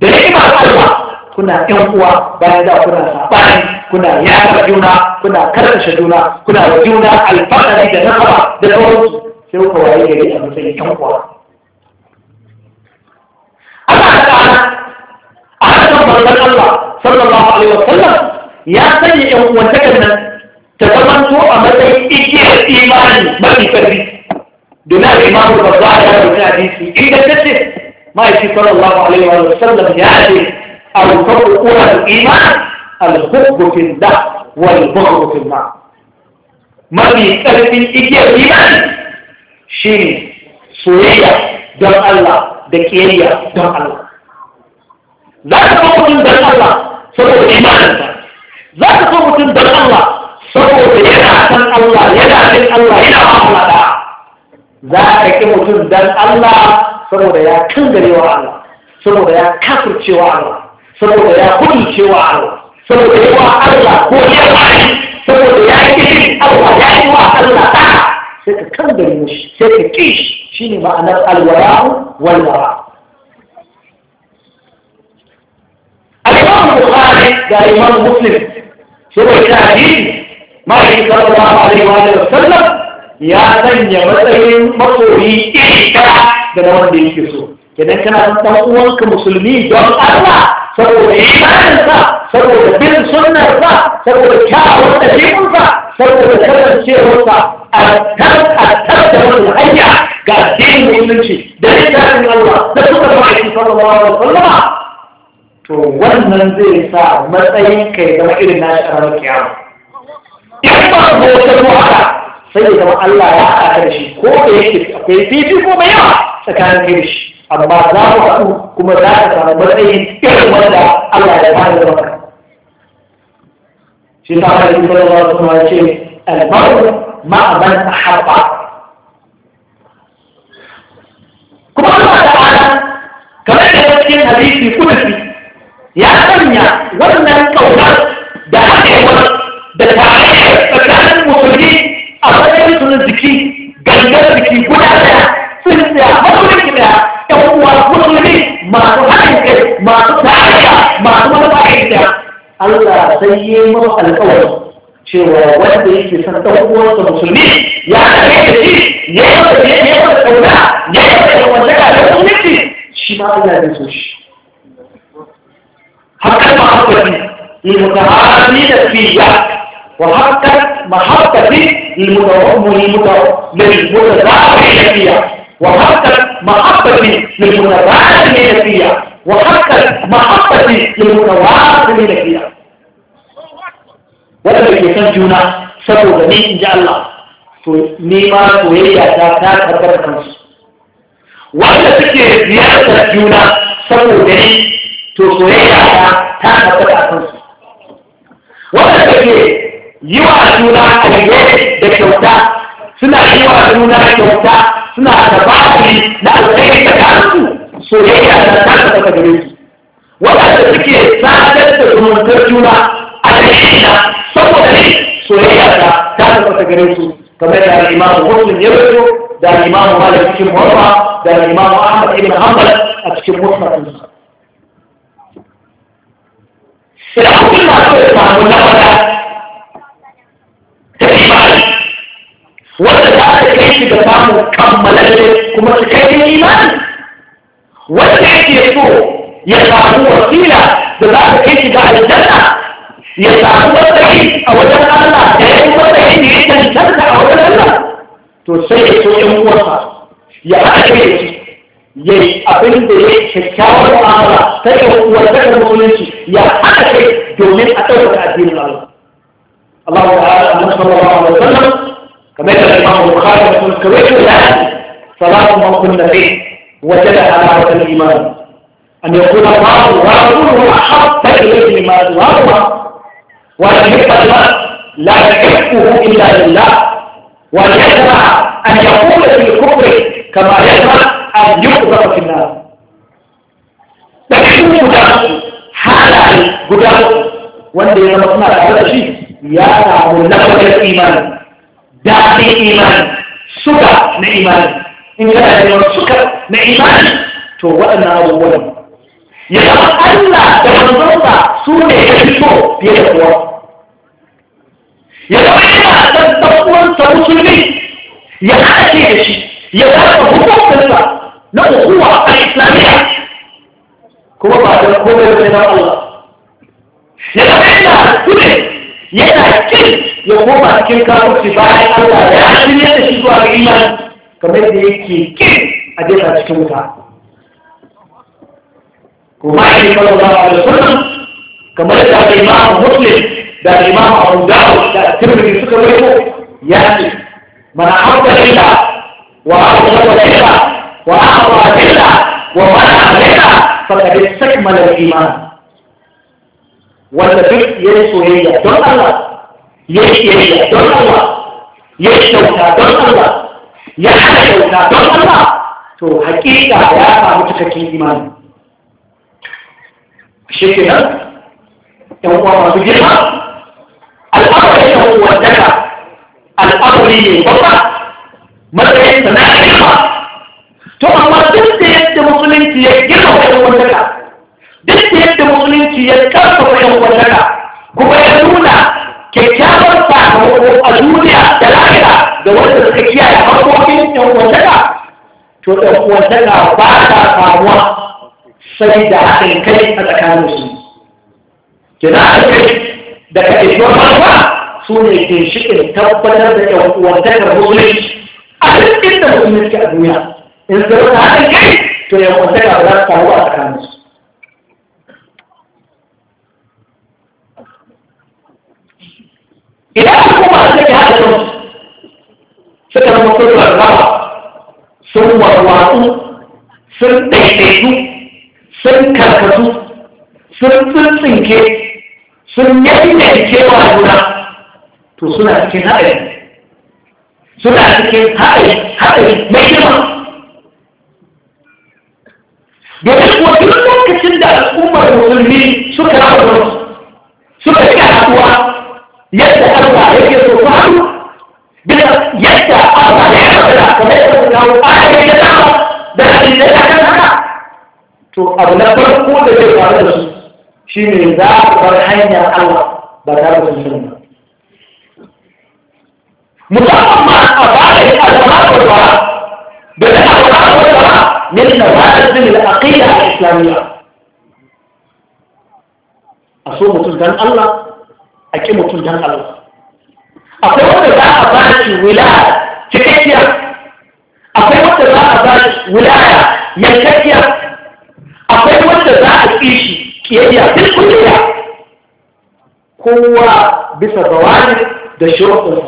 da ni'imar Allah kuna ƴan uwa bayan da kuna sabani kuna yaɗa juna kuna karkashe juna kuna wa juna alfahari da nasara da sauransu sai kuka waye gari a matsayin ƴan uwa Allah ta'ala a hannun manzon Allah sallallahu alaihi wasallam ya sanya ƴan uwantakan nan ta zamanto a matsayin igiyar imani mafi karfi domin al'imamu babba ya rubuta hadisi ingantacce ma'aiki sallallahu alaihi wasallam ya ce a rubuta ƙura da imani alhubbu fil da wal bughdu fil ma mafi karfin igiyar imani Shi soyayya don Allah da kiyayya don Allah za ka so mutum don Allah saboda imaninsa za ka so mutum don Allah saboda yana san Allah yana bin Allah yana ba Allah za ka ki mutum don Allah saboda ya kangarewa Allah saboda ya kafircewa Allah saboda ya kudu cewa Allah saboda yi wa Allah ko ya bari saboda ya yi kishin Allah ya yi wa Allah ta sai ka kangare mushi sai ka kish shi ne ma'anar alwara walwara الإمام البخاري ده إمام مسلم سورة الحديث ما يقول صلى الله عليه وآله وسلم يا من يمتلك مصوري إيكا ده نوان دي كسو كده كان أنت أولك مسلمي جوان الله saboda imaninsa saboda bin sunnarsa saboda kyawun ɗabi'unsa saboda kasancewarsa a tar a tar da wani hanya ga addinin musulunci da littafin Allah da suka zama a cikin sallallahu alaihi wasallam to wannan zai sa matsayin kai zama irin na sharar kiyama in ba ku wata wahala sai ya zama Allah ya haɗa da shi ko da yake akwai fifi ko mai yawa tsakanin kai shi amma za ku haɗu kuma za ka samu matsayi irin wanda Allah ya ba da maka shi ta da yi sai Allah kuma ya ce al-mar'u ma'a a ahabba kuma Allah ta'ala kamar da cikin hadisi kulli ya sanya wannan kauna da haɗewa da tare tsakanin musulmi a wajen sunan jiki gangar jiki guda ɗaya sun da haɗu da يقوم ويقول لي ما تحرك ما تتعلم ما تمنعك ألا سيما الأول شو ودك في سنتوب المسلمين يا أخي يا أخي يا أخي يا أخي يا أخي يا أخي يا أخي حتى محبتي للمتعاملين فيا وحتى محبتي للمتعاملين فيا وحقق محبتي للمتواضعين فيها وحقق محبتي للمتواضعين فيها wanda ke san juna saboda ni in ji Allah to nema soyayya ta ta karbar kansu wanda suke ziyartar juna saboda ni to soyayya ta ta karbar kansu wanda suke yi wa juna alheri da kyauta suna yi wa juna kyauta suna da bashi na alkhairi tsakaninsu soyayya da ta ka ta gare su waɗanda suke sadar da zumuntar juna a dalilina saboda ne soyayya ta ta ka saka gare su kamar da imamu muslim ya rato da imamu malik cikin muwafa da imamu ahmad ibn hanbal a cikin musnad sai abubuwan da suka samu na kai shi ga samun kammalalle kuma su kai ne imani wanda yake so ya samu wasila da za ta kai shi ga aljanna ya samu yi a wajen Allah da ya yi yi da ya cancanta a wajen Allah to sai ya so yan uwarsa ya haɗa da shi ya yi abin da ya kyakkyawar mu'amala ta yi uwarsa da musulunci ya haɗa kai domin a ɗaukaka addinin Allah. Allah ta'ala Allah sallallahu alaihi sallam فمثل الإمام البخاري يقول كويت الآن صلاة من كنا فيه وجد حلاوة الإيمان أن يقول الله ورسوله أحب إليه لما هو وأن يحب الماء لا يحبه إلا لله وأن يسمع أن يقول في الكفر كما يسمع أن يقذف في النار تكشف جدامه حالة جدامه وأن يتمثل على شيء يا رب لك الإيمان daɗin imani suka na imani in kana da yawan suka na imani to waɗannan abubuwan ya zama Allah da manzonsa su ne ya fito fiye da kowa ya zama yana ɗanɗan'uwansa musulmi ya haɗe da shi ya zama hukuntarsa na hukuma a islamiyya kuma ba da komai ya zama Allah ya zama yana kune yana kin ya koma cikin kafirci bayan Allah ya shirya da shi zuwa ga iman kamar da yake ke a jefa cikin wuta kuma a yi sallallahu alaihi wasallam kamar da Imam Muslim da Imam Abu Dawud da Tirmidhi suka rawaito ya ce mana abda ila wa abda ila wa abda ila wa mana ila faqad istakmala al-iman wanda duk yayi soyayya don Allah ya yi don Allah ya kyauta don Allah ya hana kyauta don Allah to hakika ya samu cikakken imani shi ke nan ɗan uwa masu girma al'amari ya hau daga al'amari ne babba matsayin da na girma to amma duk da yadda musulunci ya girma wa ɗan wandaka duk da yadda musulunci ya ƙarfafa ɗan wandaka kuma ya nuna kyakkyawar sakamako a duniya da lahira da wanda suka kiyaye harkokin yan uwantaka to da uwantaka ba ta samuwa sai da haɗin kai a tsakanin su kina kai da kaɗaituwar marwa su ne ginshiƙin tabbatar da yan uwantakar musulunci a duk inda musulunci a duniya in zama haɗin kai to yan uwantaka ba za su samu a tsakanin su idan kuma an sake haka sun suka zama sun rarraba sun warwatsu sun ɗaiɗaitu sun karkatu sun tsintsinke sun yanyankewa juna to suna cikin haɗari suna cikin haɗari haɗari mai girma domin kuwa duk lokacin da al'ummar musulmi suka rabu suka ci haɗuwa yadda Allah yake so ku hannu bisa yadda Allah ya yarda kamar yadda ku kawo ayoyi da dama da hadisai da kan haka to abu na farko da zai faru da su shine za ku bar hanyar Allah ba tare da sun ba musamman ma a bayan al'amari ba da da al'amari ba min nawazin al-aqida al-islamiyya a so mutum dan Allah a ƙi mutum don Allah akwai wanda za a ba shi wilaya cikakkiya akwai wanda za a ba shi wilaya yankakkiya akwai wanda za a ƙi shi ƙiyayya duk kuliya kowa bisa bawani da shirin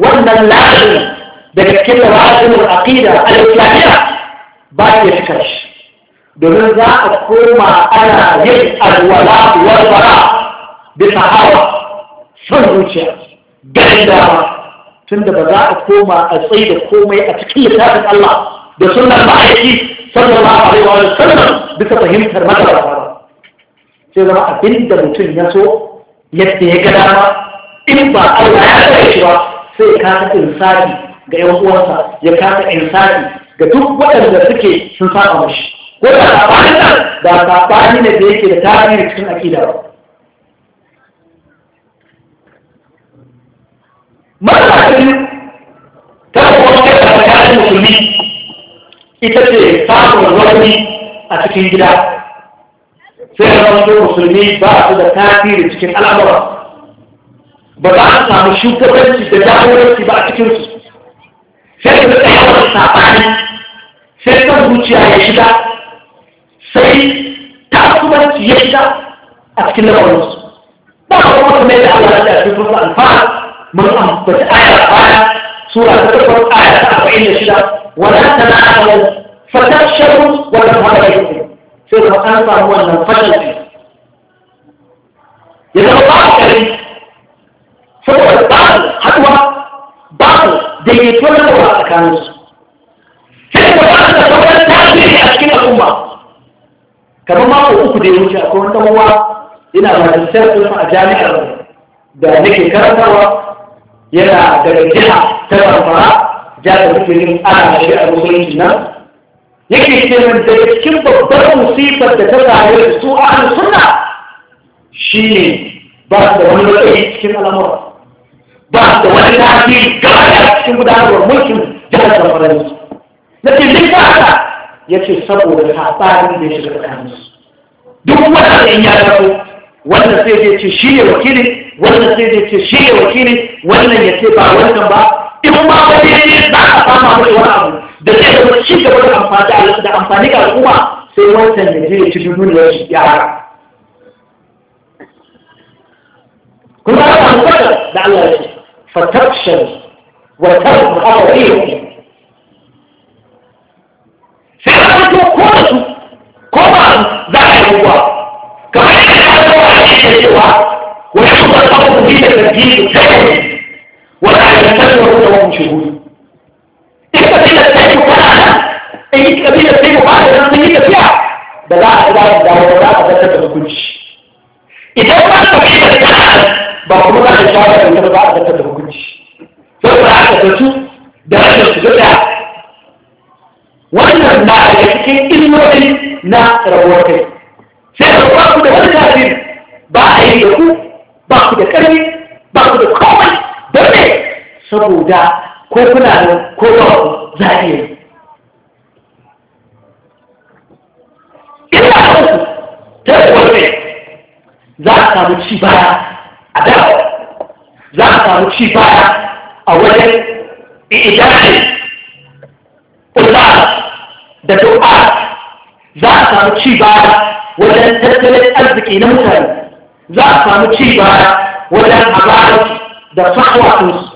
wannan lafi daga cikin labarin al'aqida al-islamiyya ba ya fi karshe domin za a koma ana yin alwala walwala bisa hawa son zuciya ganin dama tunda ba za a koma a tsaye da komai a cikin littafin Allah da sunan ma'aiki a rewa wa sannan bisa fahimtar matalata ba sai zama abinda mutum ya so yadda ya gada. dama in ba Allah ya tsaye shi ba sai ya kasa insani ga 'yan uwansa ya kasa insani ga duk waɗanda suke sun saba mashi ko da sabanin nan ba sabani ne da yake da tarihi cikin akida ba mallakin ta kuma kai da bayanin musulmi ita ce samun rauni a cikin gida sai da wasu musulmi ba su da tasiri cikin al'amura ba za a samu shugabanci da jagoranci ba a cikinsu sai da tsayawar saɓani sai kan zuciya ya shiga sai kasuwanci ya shiga a cikin rawarsu ba a kuma kamar da Allah ta fi rufa alfahar mun ambaci ayar baya sura ta farko aya ta arba'in da shida wala tana'amu fatasharu wa lam hadayu sai ka an samu wannan fatalci ya zama ba a kare saboda ba haɗuwa ba daidaito na rawa tsakaninsu sai ka ba da sauran tasiri a cikin al'umma kamar mako uku da ya wuce akwai wani ɗan uwa ina majalisar ilmi a jami'ar da nake karantarwa yana daga jiha ta zamfara jihar da muke ana shi a musulunci nan yake ce min daga cikin babbar musibar da ta zahiri da su a sunna shi ne ba su da wani matsayi cikin al'amura ba su da wani lafi gaba da cikin gudanarwar mulkin jihar zamfara ne na ce zai ta haka ya ce saboda saɓanin da ya shiga duk wanda ɗan ya rasu wannan sai zai ce shi ne wakili wannan sai zai ce shi ne wakili wannan ya ce ba wannan ba in ma wani ne za a fama mai wani abu da zai zama ci gaba da amfani da amfani ga al'umma sai wancan ya je ci dubu da shi ya haka kuma ana mutar da Allah ya ce fatabshan wa tarbu awarihi الإخوة ويحضر أمر في التنفيذ الثاني ولا يستمر وهم مشهود القبيلة الثانية مكانها أي القبيلة الثانية مكانها القبيلة فيها ده لا لا ده ولا ده ده ما كنتش إذا ما القبيلة بتاعها بقولوا لها إن شاء الله إن ده ده ده ما كنتش فبقى عارفة تشوف ده ده wannan na da cikin ilmomin na rabuwar kai sai rabuwar ku da wani tafiyar ba a yi da ku ba ku da ƙarfi ba ku da komai don ne saboda ko kuna da ko ba ku za a ina da ku ta ne za a samu ci baya a dawo za a samu ci baya a wajen idanai ƙulla da du'a za a samu ci baya wajen tattalin arziki na mutane za a samu ci baya wajen abarci da sa'awatunsu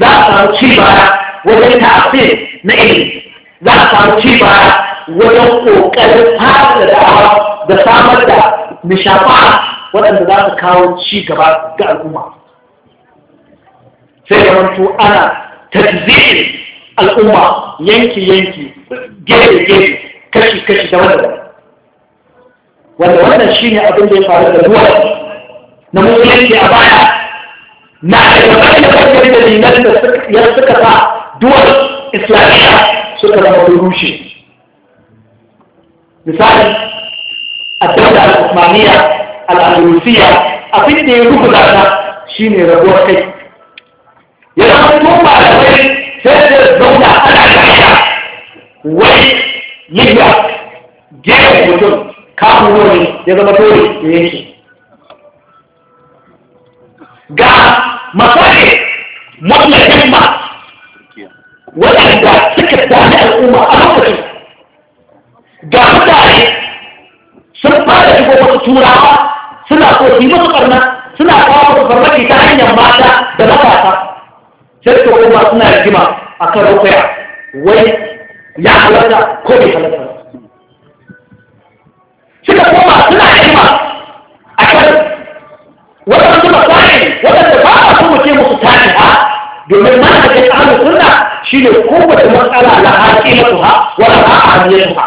za a samu ci baya wajen tafi na ilimi za a samu ci baya wajen ƙoƙarin fara da da'awa da samar da nishafa waɗanda za su kawo ci gaba ga al'umma sai da wanto ana tazzirin al'umma yanki-yanki gefe-gefe kashi-kashi da wanda wanda wannan shine abin da ya faru da duwatsu na musulunci a baya na aikatar da kankan dalilan da ya suka sa duwar islamiyya suka zama rushe misali a dauda al-usmaniya al-andalusiya abin da ya rubuta ta shine rabuwar kai ya zama da malamai sai da zauna ana shari'a wai yadda gefen mutum kafin wani ya zama dole ya yanki. ga masare mallakin ba waɗanda suka dami al'umma a lokacin ga mutane sun fara shigo wasu turawa suna so su yi masu ɓarna suna kawo masu farmaki ta hanyar mata da matasa sai su kuma suna rigima a kan rukuya wai ya halatta ko bai halatta suka koma suna rigima a kan wasu domin ma da kai ahlus sunna shine kowace matsala na haƙiƙatuha a la ahliyatuha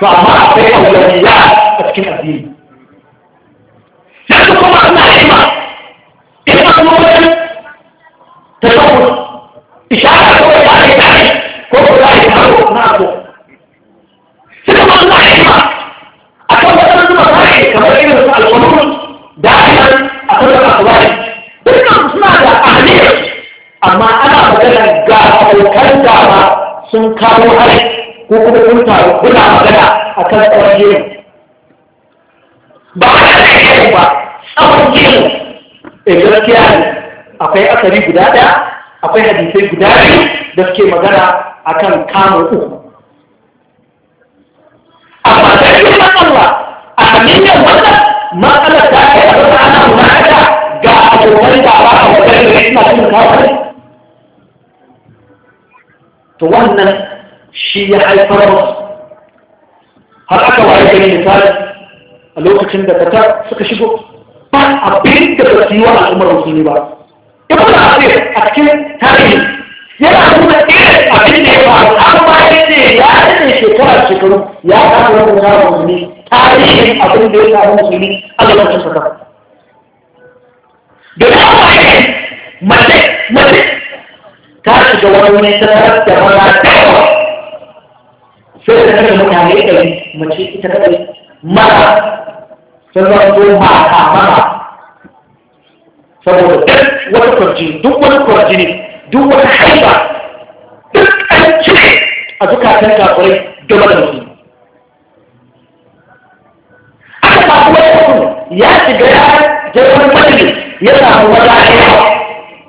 to amma akwai awliya a cikin addini da kuma ina ima ina kuma wajen tasawuf sun kawo hari ko kuma sun taru kuna magana a kan tsawon gemu ba a yi yi ba tsawon gemu eh, a gaskiya ne akwai asali guda ɗaya akwai hadisai guda biyu da suke magana a kan kamun uku amma da yi matsala a hanyar wannan matsalar ta yi a wata ana munada ga abokan da ba a wajen da suna cin kawai تواننا شيء حي فرص هل أكوا على جميل مثال اللي هو تكسين بكتا سكشيكو بان أبين تبسيوا على عمر رسولي بار كما لا أعطيه أكين تاني يا أبونا إيه أبين نيوار أما إيه يا أبين شكرا شكرا يا أبونا من هذا رسولي تاني أبين ديوش على عمر رسولي ألا لا تشكرا بلا أبين مجد مجد ta shiga wani mai sanar da maza da yawa sai da kashe mutane ɗari mace ita kaɗai mara sun zanto mata mara saboda duk wani kwarjini duk wani kwarjini duk wani haifa duk an cire a zukatan kafirai game da musulmi aka samu wani ya shiga ya je wani majalis ya samu wani haifa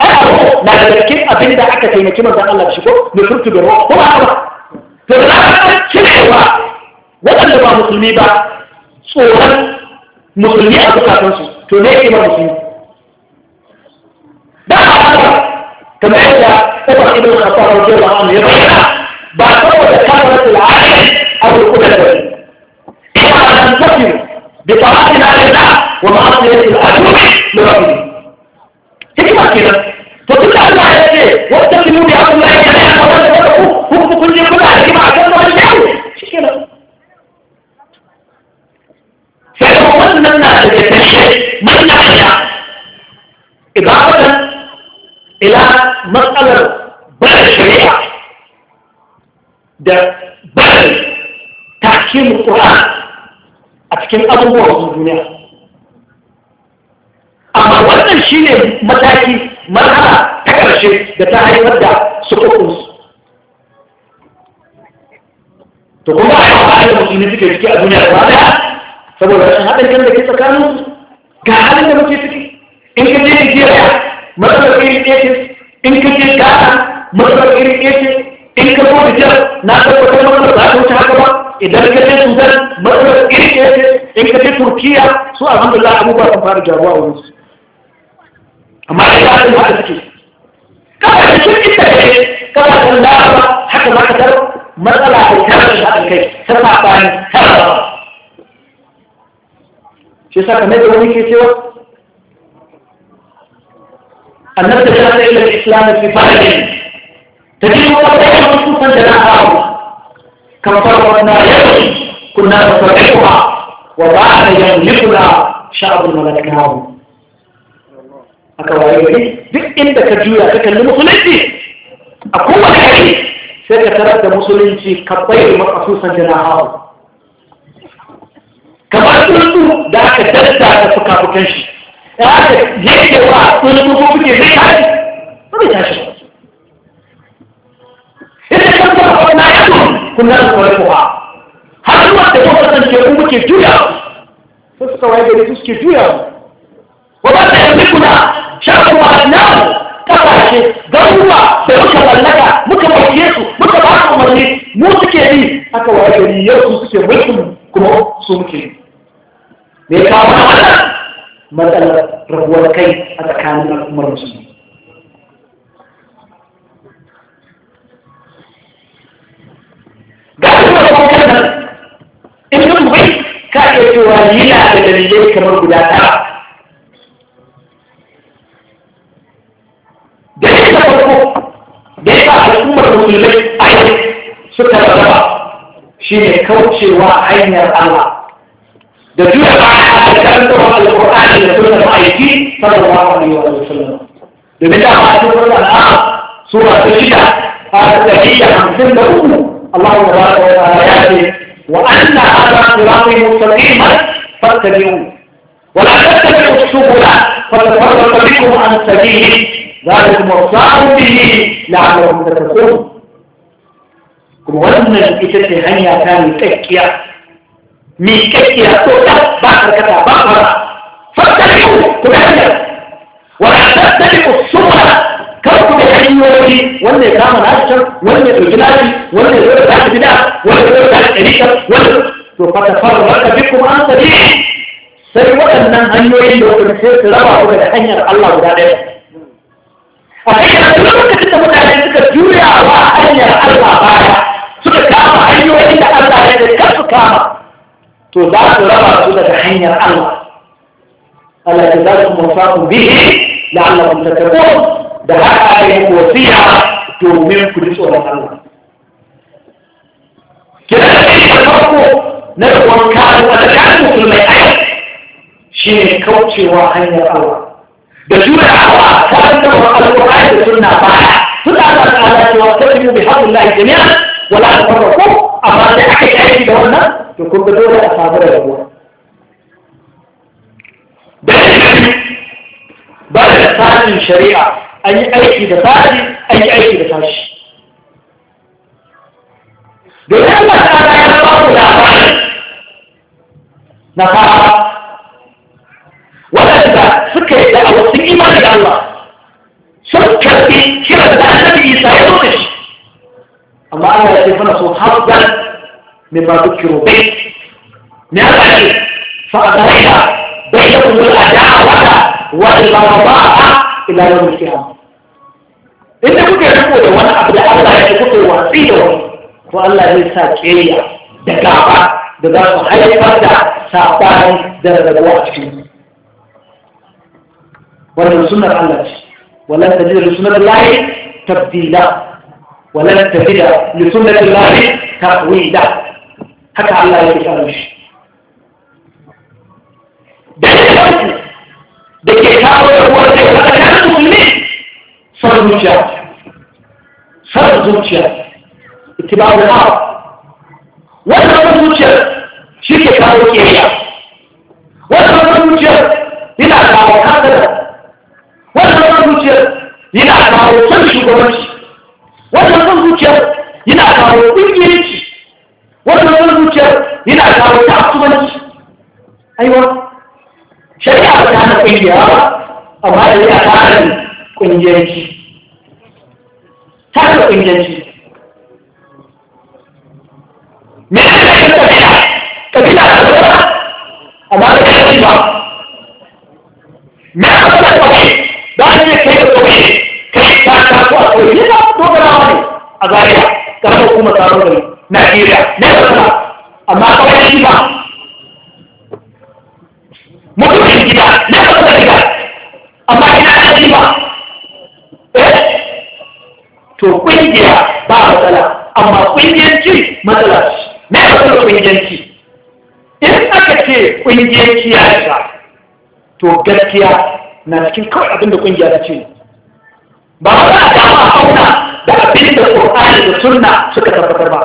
abu na da cikin abin aka taimaki manzan Allah shi ko da turtu da ruwa ko ba to da ranar cewa waɗanda ba musulmi ba tsoron musulmi a bukatansu to ne ya ma musulmi da haka kamar yadda Umar ibn Khattab radiyallahu anhu ya bayyana ba saboda kamaratul alim abu kuma da wani ina nan tafiyu bi ta'atina lillah wa ma'asiyatil adwi li rabbih hikima kenan واستخدموا بهذا الله يعني أنا وقت كل يوم على جماعة كذا ولا جاي شو كده فلو وزننا الشيء ما نحيا إضافة إلى مسألة بر الشريعة ده بر تحكيم القرآن أتكلم أبو الله الدنيا amma wannan shi ne mataki marhala ta ƙarshe da ta haifar da sukukunsu to kuma a yawa ba'ar musulmi suke ciki a duniya ba daya saboda rashin haɗin kan da ke tsakanin ga halin da muke ciki in ka je nigeria matsalar iri ɗaya in ka je ghana matsalar iri ɗaya in ka zo da jar na tabbatar matsalar za ta wuce haka ba idan ka je sudan matsalar iri ɗaya in ka je turkiya su alhamdulillah abubuwa sun fara gyaruwa wurin su amma ai da haka haka suke kada da shirki da ke kada da lafiya haka za ka tar matsala da ta rashin haɗin kai ta sabani ta rawa shi sa kamar da wani ke cewa annabi da ya sai da islamu fi bayan تجد وضعها مصوصا جناحه كما فرقنا يوم كنا نفرحها وبعد يملكنا شعب ملكناه aka waye gari duk inda ka juya ka kalli musulunci a kowane gari sai ka tarar da musulunci ka bai makasusan jana hawa kamar tsuntsu da aka dadda da fuka-fukan shi da aka yake wa tsuntsu ko kuke zai tashi ba zai tashi idan kan kuma kawai na yato kuma na da kuwa har zuwa da kuma kasance kuma ke juya su suka waye gari su suke juya wa ba ta yanzu kuna shafin ma'anamu don garuruwa da muka mallaka muka bauke su muka ba su umarni mu suke yi aka wa gari yau su suke mulkin kuma su muke yi me ya kawo mana matsalar rabuwar kai a tsakanin al'ummar musulmi ga al'ummar kuma kan nan in mutum bai ka iya cewa yana da dalilai kamar guda tara musulmai a yau suka raba shi ne kaucewa hanyar Allah da juya baya da karantarwa alƙur'ani da sunnar ma'aiki sallallahu alaihi wa sallam domin da ma cikin wannan a'a sura ta shida a tsakiyya hamsin da uku Allah ya ba ta wata ya ce wa anna hadha sirati mustaqiman fattabi'u wa la tattabi'u subula fatafarraqa bikum an sabili ذلك مرضاه به لعلهم تتقون kuma wannan ita ce hanya ta mai tsakkiya mai tsakkiya ko ta ba karkata ba fara fattari ku da hanya wala tattali ku sura kar ku da hanyoyi wanda ya kama na can wanda ya ɗauki nashi wanda ya zo da tashi gida wanda ya zo da tashi ɗarika wanda to fata fara raka bi kuma an sabi sai waɗannan hanyoyin da wani sai su raba ku da hanyar Allah guda ɗaya a kai da lokacin da mutane suka juya wa hanyar Allah baya suka kama hanyoyin da Allah ya da kar su kama to za su raba su daga hanyar Allah Allah ya za su mafakun bihi la'allakum tattaqun da haka aka yi wasiya domin ku ji tsoron Allah kira da shi farko na ruwan kawo a tsakanin musulmai ai shi ne kaucewa hanyar Allah da jurawa ta zama alƙur'ani da sunna baya suna da tsada cewa ta yi bi haɗin lahi jami'a wala a kuma ko amma da aka yi aiki da wannan to kun ga dole a samu rabuwa da ba da tsarin shari'a an yi aiki da tsari an yi aiki da tashi domin Allah ta ala ya ba ku labari na fara waɗanda suka yi da a wasu imani da Allah sun karɓi والله لا تنسوا حظا مما ذكروا به نعم فأغرينا بينهم العداوة والبغضاء إلى يوم القيامة inda kuke riko da wani abu da Allah ya kuke watsi da wani to Allah zai sa kiyayya da gaba da za su haifar da sabanin da rabuwa a cikin wannan sunnar Allah ce wallan tajid li sunnar Allah tabdila ولن تجد لسنة الله تقويدا حتى الله يتعلمش صار زوجة صار زوجة اتباع الهواء ولا زوجة شيء كتابه كيا ولا زوجة هنا على هذا ولا زوجة هنا على كل شيء wannan son zuciyar yana kawo ƙungiyanci wannan son zuciyar yana kawo kasuwanci aiwa shari'a ba ta hana ƙungiya ba amma shari'a ta hana ƙungiyanci ta hana ƙungiyanci me ne ne kabila kabila ta zama amma da ƙarfi ba me ne kabila ta zama da ne kai da kabila ta taso a kawai ne ta dogarawa ne a zariya kamar kuma tsaron gari najeriya ne na yasa amma kawai shi ba mutumin gida na kasa gida amma ina da shi ba eh to kungiya ba matsala amma kungiyanci matsala na yasa kungiyanci in aka ce kungiyanci ya shiga to gaskiya na cikin kawai abinda kungiya ta ce ba za a dama auna da abin da Qur'ani da sunna suka tabbatar ba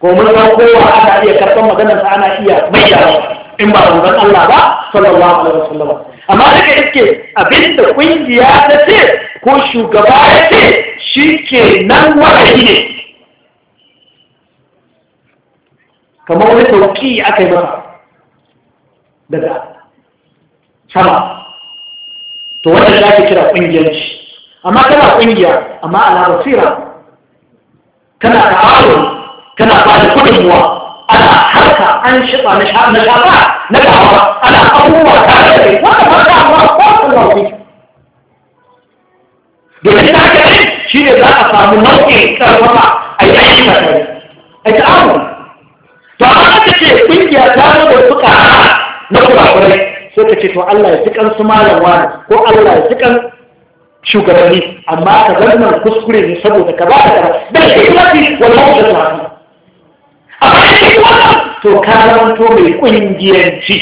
ko mun san kowa ana iya karɓar maganar sa ana iya mai da in ba ruwan Allah ba sallallahu alaihi wasallam amma daga yake abin da kungiya ta ce ko shugaba ya ce shi ke nan wahayi ne kamar wani sauki aka yi masa daga sama to wanda za ki kira kungiyanci أما كنا قنية أما على رصيرة كنا تعارض كنا قال قدموا أنا حركة أنشطة نشاطات نشاطة نشاطة أنا أبوه كاربي وأنا ما كان ما أقوى من ربي دون أن أعرف شيء إذا أفهم من ربي ترى ما أي شيء ما كان أتعامل فأنا كتير قنية تعارض بالفكرة نقول أقولي سوف تشتوى الله يسكن سمالا وانا هو الله يسكن shugabanni amma ka zama kuskure ne saboda ka ba da kaza da ke yi mafi wannan wajen amma shi wannan to ka zamanto mai kungiyanci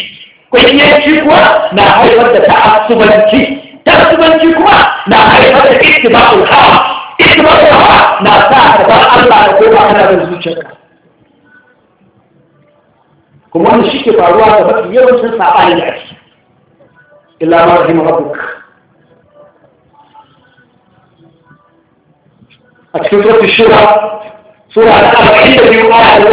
kungiyanci kuwa na haifar da ta'assubanci ta'assubanci kuma na haifar da ittiba'ul hawa ittiba'ul hawa na sa ka bar Allah da koma kana da zuciyarka kuma wannan shi ke faruwa da mafi yawancin sabani da ake illa ma rahimu rabbuk الفكرة الشرعة سورة الأبعيدة في مقاعدة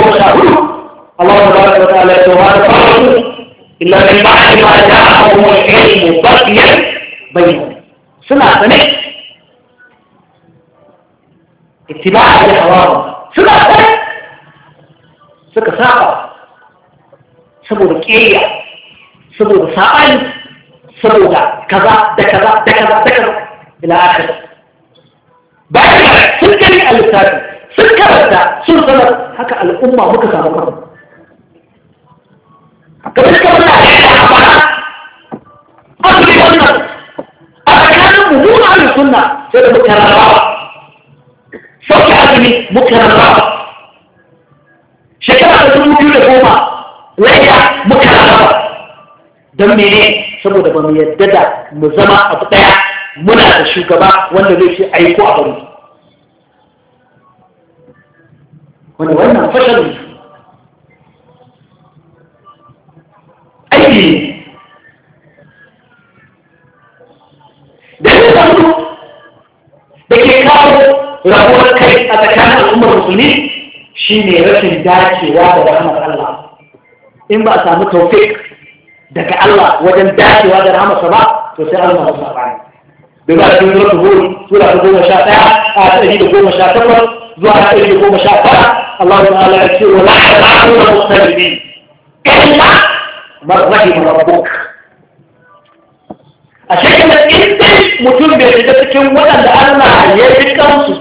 الله سبحانه وتعالى سبحانه فرصه إلا من بعد ما جاءهم العلم بقيا بينهم سنة ثانية اتباع الحرام سنة ثانية سكة ساقة سبو ذكية سبو ساقة سبو كذا كذا كذا كذا إلى آخره bayan sun gani a littafi sun karanta sun sanar haka al'umma muka samu kanmu kamar suka muna da a bara asali wannan a tsakanin mu nuna ahlus sunna sai da muka rarrawa sauke azumi muka rarrawa shekara da dubu biyu da goma laiya muka rarrawa don mene saboda ba mu yadda da mu zama abu ɗaya muna da shugaba wanda zai ce aiko a bari wanda wannan fashin aiki da ne da mutu da ke kawo rabuwar kai a tsakanin al'ummar musulmi shi ne rashin dacewa da rahmar Allah in ba a samu taufik daga Allah wajen dacewa da rahmar sa ba to sai Allah ya sa da za a cikin suratul hud sura ta goma sha ɗaya a ɗari da goma sha takwas zuwa ɗari da goma sha tara Allah ta'ala ya ce wa la'ana da mustalimi illa marrahim rabbuk a cikin da in mutum bai shiga cikin waɗanda Allah ya yi kansu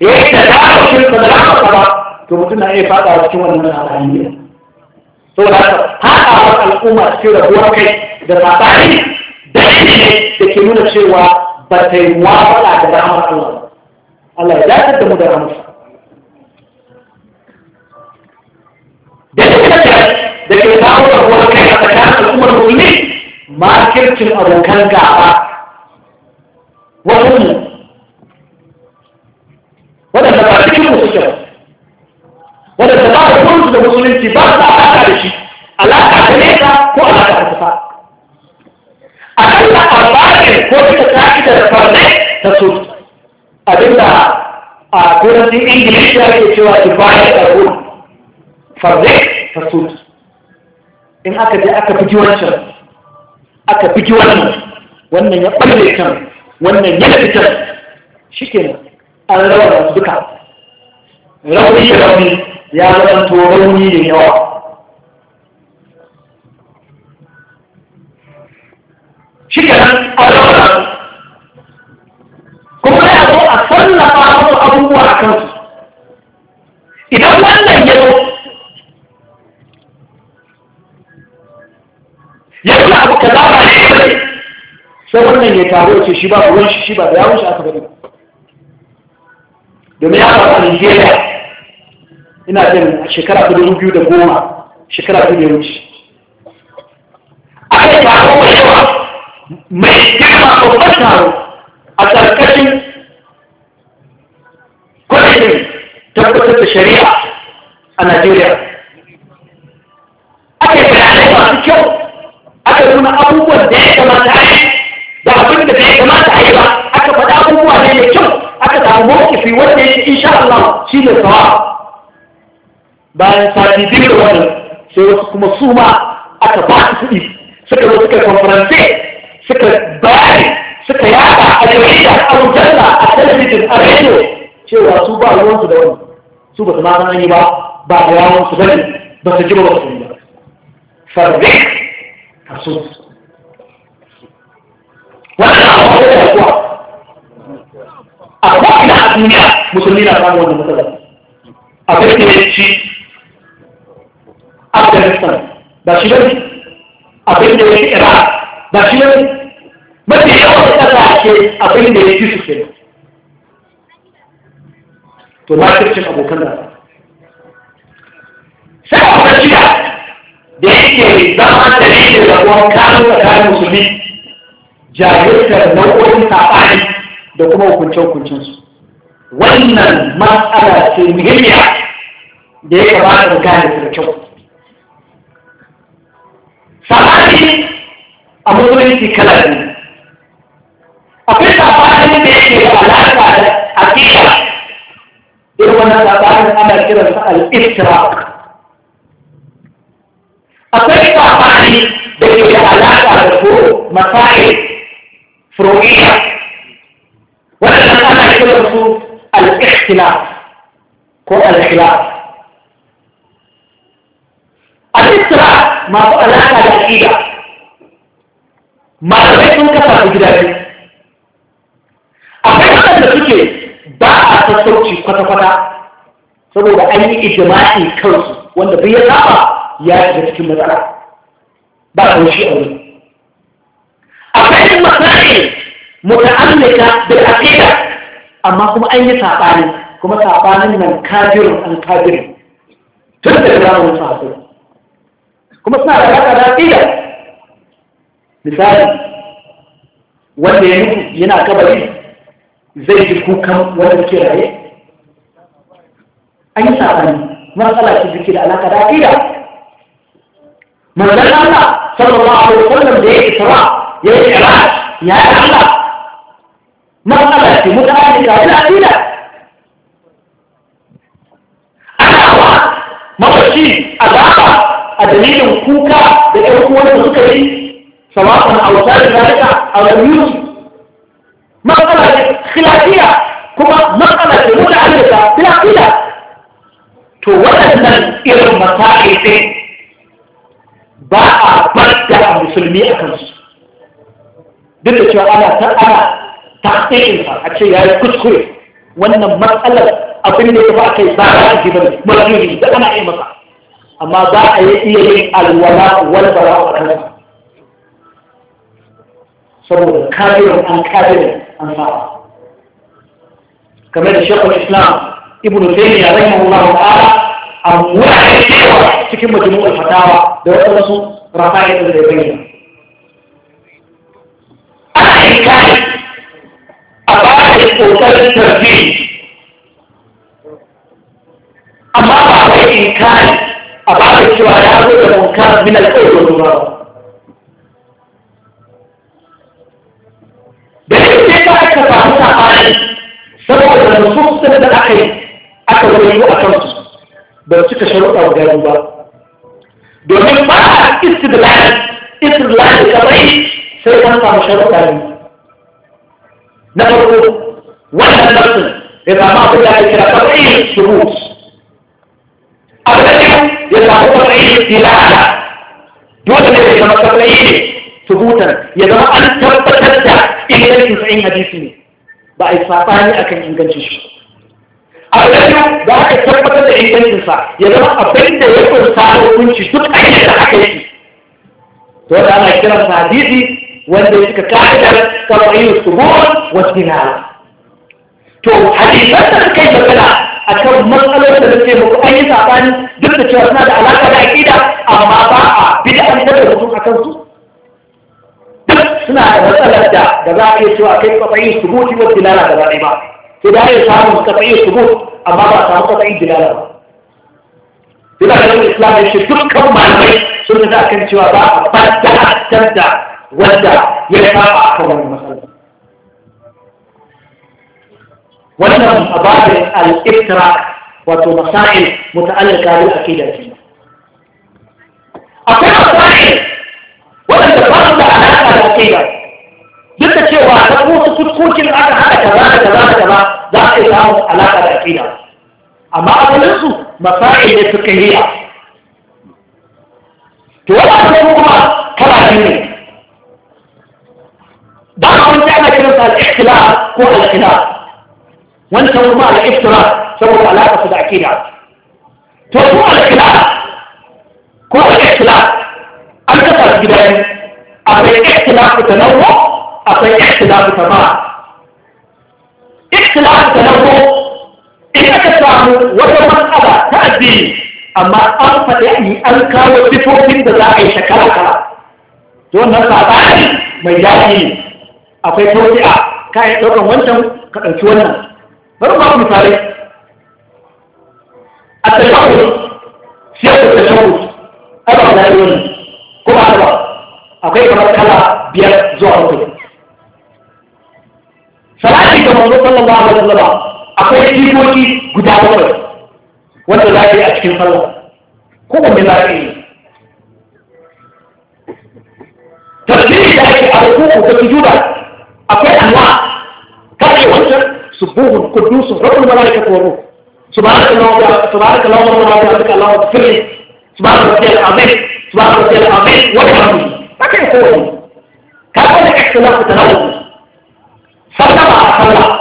ya yi da dawo shirka da rahama ba to mutum na iya faɗa cikin wannan al'amari saboda haka haɗawar al'umma cikin rabuwar kai da sabani ne da ke nuna cewa ba ta yi muwafaka da rahamar Allah Allah ya dace da mu da rahamarsa ne da ke kawo rabuwar kai a tsakanin al'ummar musulmi makircin abokan gaba wasu mu waɗanda ba cikin musu suke ba waɗanda ba da da musulunci ba su alaƙa da shi alaƙa ta nesa ko alaƙa ka kusa akalla arba'in ko kika tashi da farne ta so abinda a turancin ingilishi ya ke cewa ibaya da ruwa farne ta so in aka je aka fi wancan aka fi wannan wannan ya ɓalle can wannan ya fi can shi ke an rawar duka rauni rauni ya zama to rauni da yawa shi ke nan ƙwararra kuma ya zo a sallafa wasu abubuwa a kansu idan wannan ya zo ya zo abu ka zaba ne sai wannan ya taro ce shi ba ruwan shi shi ba da yawon shi aka bari domin ya faru Nigeria ina jin shekara ta dubu biyu da goma shekara ta da wuce mai girma babban taro a tsarkashin kwamitin tabbatar da shari'a a Najeriya. Aka yi bayanai masu kyau, aka nuna abubuwan da ya kamata a yi, da abin da ya kamata a yi ba, aka faɗa abubuwa ne mai kyau, aka samu mawukifi wanda ya ce insha Allah shi ne sawa. Bayan sati biyu da wani, sai wasu kuma su ma aka ba su kuɗi suka zo suka konferanse suka bayani suka yada a jarida a rubutarsa a talabijin a rediyo cewa su ba ruwansu da wani su ba su ma an yi ba ba da yawon su bane ba su ji ba su yi ba farbe a su wannan abu da ya kuwa a kowane a duniya musulmi na samun wannan matsalar abin da ya ci afghanistan ba shi bane abin da ya ci iraq ba shi bane mafi yawan ke abin da ya fi su kenan to cin abokan da. sai a wata shida da yake zama da ne da zama kanu kanu musulmi jahiltar nau'o'in saɓani da kuma hukuncen hukuncensu wannan matsala ce muhimmiya da ya kamata da gane da kyau saɓani a musulunci kala biyu akwai sabanin da yake da alaƙa da hakika irin wannan sabanin ana kiran sa al-iftira akwai sabani da ke da alaƙa da ko masail furu'iyya wannan ana kiran su al-ikhtilaf ko al-khilaf al-iftira masu alaƙa da aqida malamai sun kafa gida biyu waɗanda suke ba a sassauci kwata-kwata saboda an yi ijima'i kansu wanda bai ya saba ya shiga cikin matsala ba a wuce a wuri akwai masai muta'allika da aqida amma kuma an yi sabani kuma sabanin nan kafirin an kafirin tun da ya zamanin hasu kuma suna da haka da misali wanda ya mutu yana kabari zai ji kukan wanda ke raye an yi sabani matsala ce suke da alaƙa da aƙida Mazan Allah sallallahu alaihi wasallam da ya isra ya yi iraj ya yi Allah matsala ce mutane da wani aƙida ana wa mafashi azaba a dalilin kuka da ƴan da suka yi sawa'un autar da zalika a rayuwarsu matsala ne khilafiya kuma matsala ne mu da Allah khilafiya to waɗannan irin masail din ba a barda musulmi a kansu duk da cewa ana ta ana tahqiqinsa a ce yayi kuskure wannan matsalar abin da ya fa kai ba a ji ba marjuji da ana yi masa amma za a yi iya yin alwala wal bara a kansa saboda kafirin an kafirin أنصاره كما الشيخ الإسلام ابن تيمية رحمه الله تعالى أموعي كيوة تكون مجموع الفتاوى دولة رسول رفاية الإبنية أنا إن كان أبعد الأوتار التربية أما بعد إن كان أبعد الشوارع من الأول والمرارة sai ba aka samu saɓani saboda da sun da aka yi aka wani a kansu ba cika sharuɗa garin ba domin ba a istidlali istidlali kamar sai an samu sharuɗa ne na farko wannan nafsin ya samu abin da ake kira tabayin shurut abu da ya samu tabayin tilala dole ne ya zama tabayin tubutan ya zama an tabbatar da ingancin sa hadisi ne ba a yi sabani akan ingancin shi a ranar da aka tabbatar da ingancin sa ya zama abin da ya kunsa hukunci duk ayyukan da aka yi to da ana kiran sa hadisi wanda ya cika ka'idar tabayin subur wa dinal to hadisan da suka yi magana akan matsalolin da suke muku an yi safani duk da cewa suna da alaƙa da aƙida amma ba a bi da mutum akan su suna da matsalar da da za a iya cewa kai kwafayi su gudu wa dilala da zaɓe ba sai da ya samu kwafayi su gudu amma ba samu kwafayi dilala ba Duk da yin Islam ya ce dukkan malamai sun da kan cewa ba a fadda da wanda ya saba a kan wani matsala. Wannan ababin al-iftira wato masa'il muta'allaka bil aqida kenan. Akwai masa'il wanda ba su da alaƙa da aƙida duk da cewa da wasu fuskokin aka haɗa kaza da kaza da kaza za a iya samun alaƙa da aƙida amma asalinsu masa'il ne suka yi to wani asalin kuma kala biyu ne da abin da ana kiransa al-ikhtilaf ko al-khilaf wancan kuma al-iftiraq saboda alaƙa su da aƙida to ko al-khilaf ko al-ikhtilaf an kasa gidan akwai ikhtilafu tanawwu akwai ikhtilafu tamaa ikhtilafu tanawwu ina ka samu wata matsala ta addini amma an faɗi ni an kawo sifofin da za a yi shakara kala to wannan sabani mai yaki ne akwai tawfi'a ka yi ɗaukar wancan ka ɗauki wannan bari ba ku misali a tashawus sai ku tashawus ana da yi wannan ko ba akwai kamar kala biyar zuwa hutu salati ga manzo sallallahu alaihi wasallam akwai jikoki guda bakwai wanda za a yi a cikin sallah ko kuma za a yi tasbihi da ake a rukuku da sujuda akwai anwa kai wancan subuhun qudusun rabbul malaikatu wa ruh subhanaka allahumma subhanaka allahumma wa bihamdika allahumma ighfir subhanaka rabbiyal azim subhanaka rabbiyal azim wa bihamdihi لكن يكون كذلك اختلاف تلوث صلى صلى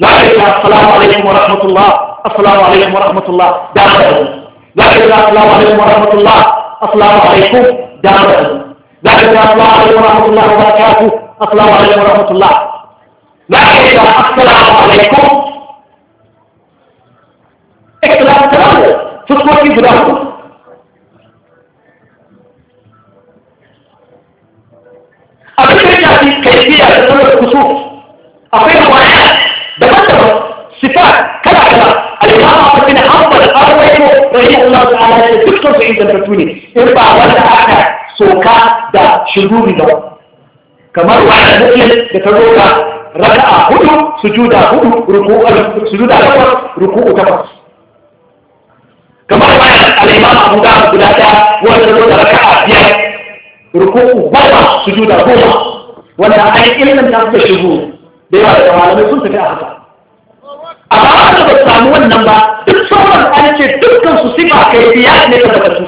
لا إله السلام عليكم ورحمة الله السلام عليكم ورحمة الله دعوهم لا إله السلام عليكم ورحمة الله السلام عليكم دعوهم لا إله السلام عليكم ورحمة الله وبركاته السلام عليكم ورحمة الله لا إله السلام عليكم اختلاف تلوث تسمى في بلادكم abin da ya fi kaifiya da sanar kusur akwai kwaya da masar sifa kala kala al-imama abin da hanbal arwayo rahimu Allah ta'ala ya dukkan su ingantattu ne in ba wanda aka soka da shuduri da kamar wani muslim da ta roka raka'a hudu sujuda hudu ruku'u sujuda takwas ruku'u takwas kamar wani al-imama Abu Dawud guda ta wanda ta roka raka'a biyar rukuku goma sujuda goma wanda a kai ilimin da suka shigo da yawa daga malamai sun tafi a haka a ba da ba samu wannan ba duk sauran an ce dukkan su sifa kai biya ne ka daga su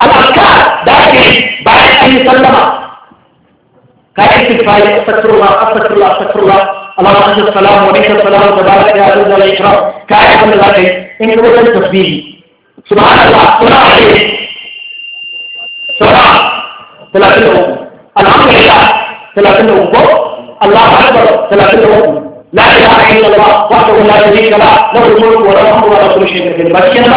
al'aka da ake bayan an yi sallama ka yi istighfari astaghfirullah a astaghfirullah Allahumma anta salamu wa minka salamu tabaraka ya rabbal alamin ka yi abin da Ka yi in ka wajen tasbihi subhanallah wa la ilaha ثلاثين وهم الحمد لله ثلاثين وهم الله أكبر ثلاثين وهم لا إله إلا الله وحده لا شريك له له الملك وله الحمد وله كل شيء من بس كده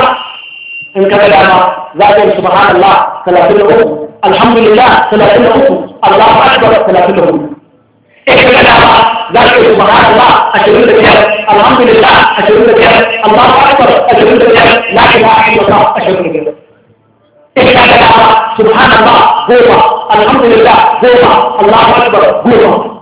إن كان لنا ذات سبحان الله ثلاثين وهم الحمد لله ثلاثين وهم الله أكبر ثلاثين وهم احنا لها ذات سبحان الله أشهد بها الحمد لله أشهد بها الله أكبر أشهد بها لا إله إلا الله أشهد بها إلا كذا سبحان الله هو الحمد لله هو الله أكبر هو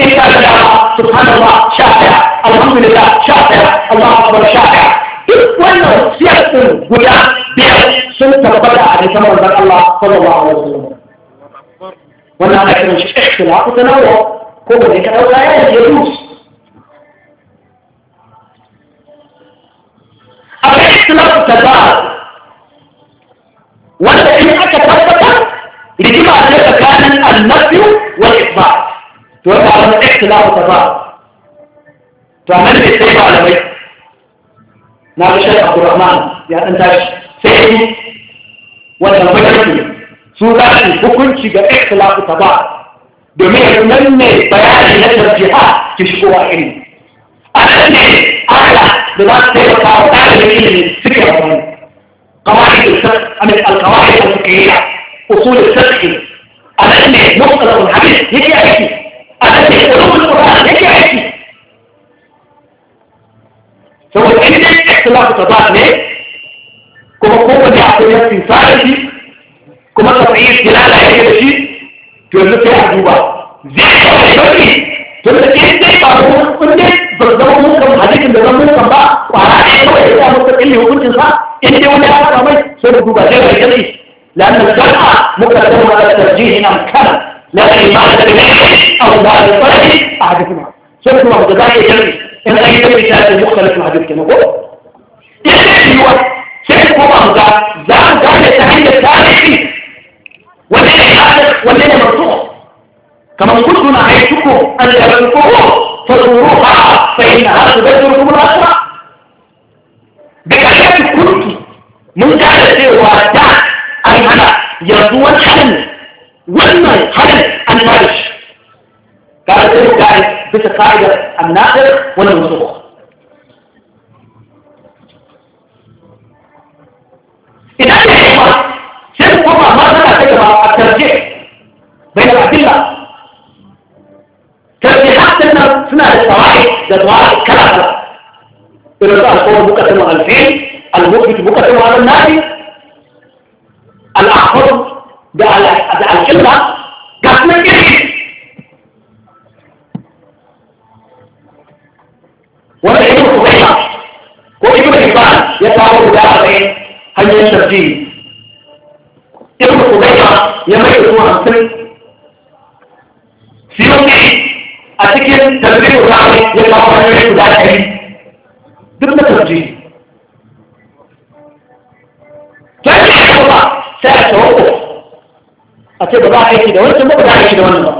إلا كذا سبحان الله شافع الحمد لله شافع الله أكبر شافع إيه؟ وانا سيكون بيا بيا سنت بدا على كما قال الله صلى الله عليه وسلم وانا لكن مش اختلاف وتنوع كما ذلك لا يجوز اختلاف تبادل wanda in aka tabbatar rigima ce tsakanin annabi wal isba to ba wani ikhtilafu ta ba to anan ne sai malamai na ga shaikh abdurrahman ya dan tashi sai wannan bayani su za su hukunci ga ikhtilafu ta ba domin yanzu nan ne bayani na tarjiha ki shigo wa ilimi a nan ne ala da za su taimaka wa ɗalibin ilimi suke wa wani قواعد الفقه من القواعد الفقهية أصول الفقه أمثل مصطلح الحديث هيك يحكي أمثل علوم القرآن هيك يحكي فهو الحديث اختلاف القضاء ليه؟ كما قوة بعقلية إنسانتي كما تطعيل جلالة هيك شيء تقول له فيها عجوبة زي ما يقول لي تقول له كيف تقول ba zama mukan hadisin da zan mukan ba kwara ne kawai ya samu ta tsalle hukuncin sa in dai wani ya faɗa mai sai ku duba sai ka yi لأن الجمع مقدم على ترجيح أمكان لكن ما ترجيح أو بعد الطرح أحدثنا شفت واحد ده يجري إن أي شيء كان مختلف مع حديث كما قلت أيوة شفت طبعا ده ده ده التحليل التاريخي والليلة والليلة مرتوح كما قلت أنا عايزكم أن تبقوا فزوروها فإنها تبدلكم الأسرع بكشف كنت من تعالى وتا أي هنا يرضون حلم وما حلم النارش قال ذلك قال بس قاعدة الناقل ولا المنسوخ إذا كان هو سيكون ما ذكر الترجيح بين الأدلة suna da tsawai da tsawai karatu irin su alkawar bukatun alfil almukbit bukatun wani nafi al'akwar da alƙilla ga suna iri wanda ibn Kubayla ko ibn Hibban ya kawo guda a bayan hanyoyin tafsiri ibn Kubayla ya mai da su hamsin जल्दी उठा ये पाँव पड़ने में उठा है दिन में सब्जी क्या होगा सैस हो अच्छे बाबा है कि दोनों चुम्बक बना है दोनों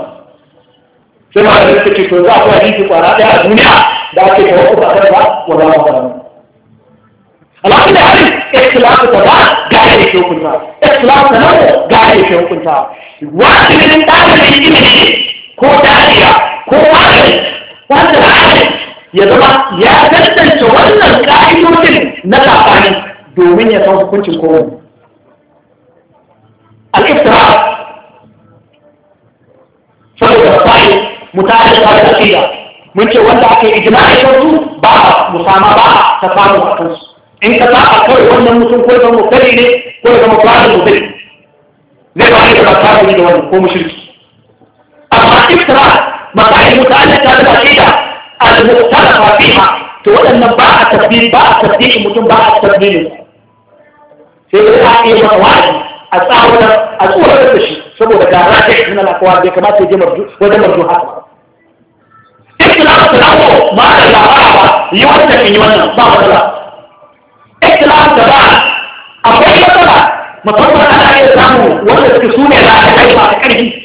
फिर वहां से ठीक होगा आपको अजीब से पढ़ा दिया दुनिया डाके हो तो पकड़ बात वो रहा होगा अल्लाह के हर इख्तिलाफ सदा गाय के हुक्म था इख्तिलाफ सदा गाय के हुक्म था वाक्य निरंतर में खोटा दिया ko wani wanda ra'ayi ya zama ya tantance wannan ka'idodin na kafani domin ya san hukuncin kowane al-iftira saboda fa'i mutane da aqida mun ce wanda ake ijma'i da su ba musama ba ta samu a kansu in ka saba kawai wannan mutum ko zama mutane ne ko zama kwanan mutane zai ba ni da ba ta da wannan ko mushriki amma iftira مراحل متعلقة بالعقيدة المختلفة فيها تقول أن باع التبديل باع التبديل متون باع التبديل في وقع إيه مطوعي التعاون الأولى بالشيء سبب كراجع من الأقوال دي كما تيجي مرجو وده مرجوحات اختلاف الأول ما تجعبها يوانا من يوانا بعض الله اختلاف الأول أبوي مثلا مطلوب أنا أي ولا تكسوني لا أي ما تكره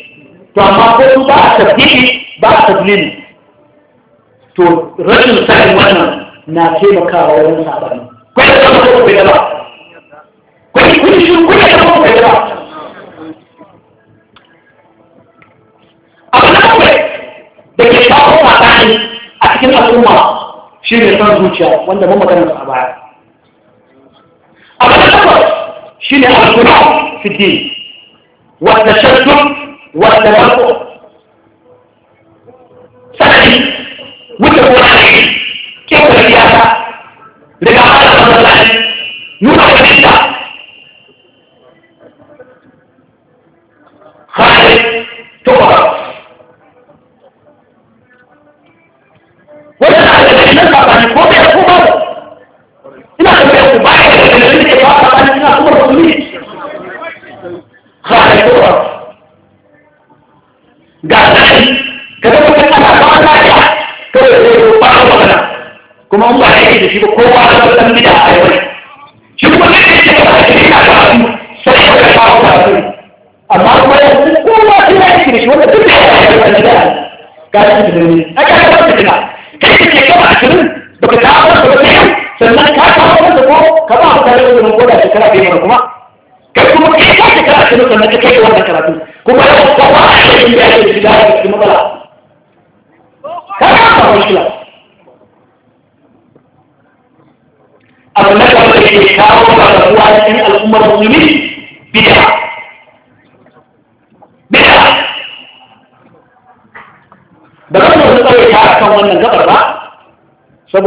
to amma ko su ba a tafiye ba a tadlili to rashin sa'in wannan na taimakawa wajen sabani kwai da kama kuma bai ba kwai kun shi kun da kama bai ba abu na kwai da ke shafa sabani a cikin al'umma shi ne son zuciya wanda mun magana a baya abu na kwai shi ne al'umma fi din wanda shaddun wanda wasu nígbà tó ti dà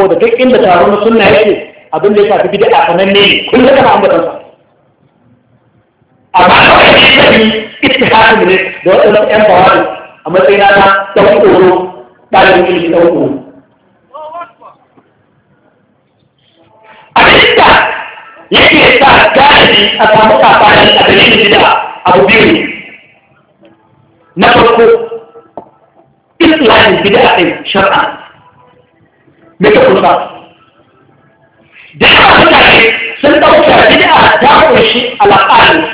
saboda duk inda taron sunna yake abin da ya shafi bid'a sananne ne kun ga ba ambatan sa amma da wani sai ittihad ne da wannan ɗan fawari a matsayin na ta tsoro ɗalibin ilimi ta tsoro abinda yake sa galibi a samu kafani a dalilin bid'a abu biyu ne na farko islamin bid'a ɗin shar'a me ke kusa da haka mutane sun ɗauka bid'a ta ƙunshi al'afal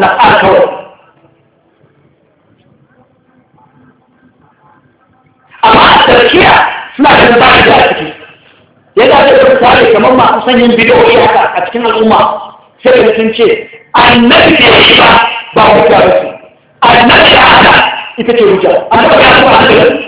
al'afal kawai amma a tarkiya suna da ba da ciki yana da tsari kamar masu sanyin bidiyoyi haka a cikin al'umma sai da sun ce annabi ne shi ba ba hujja ba ce annabi da haka ita ce hujja annabi ya ba hujja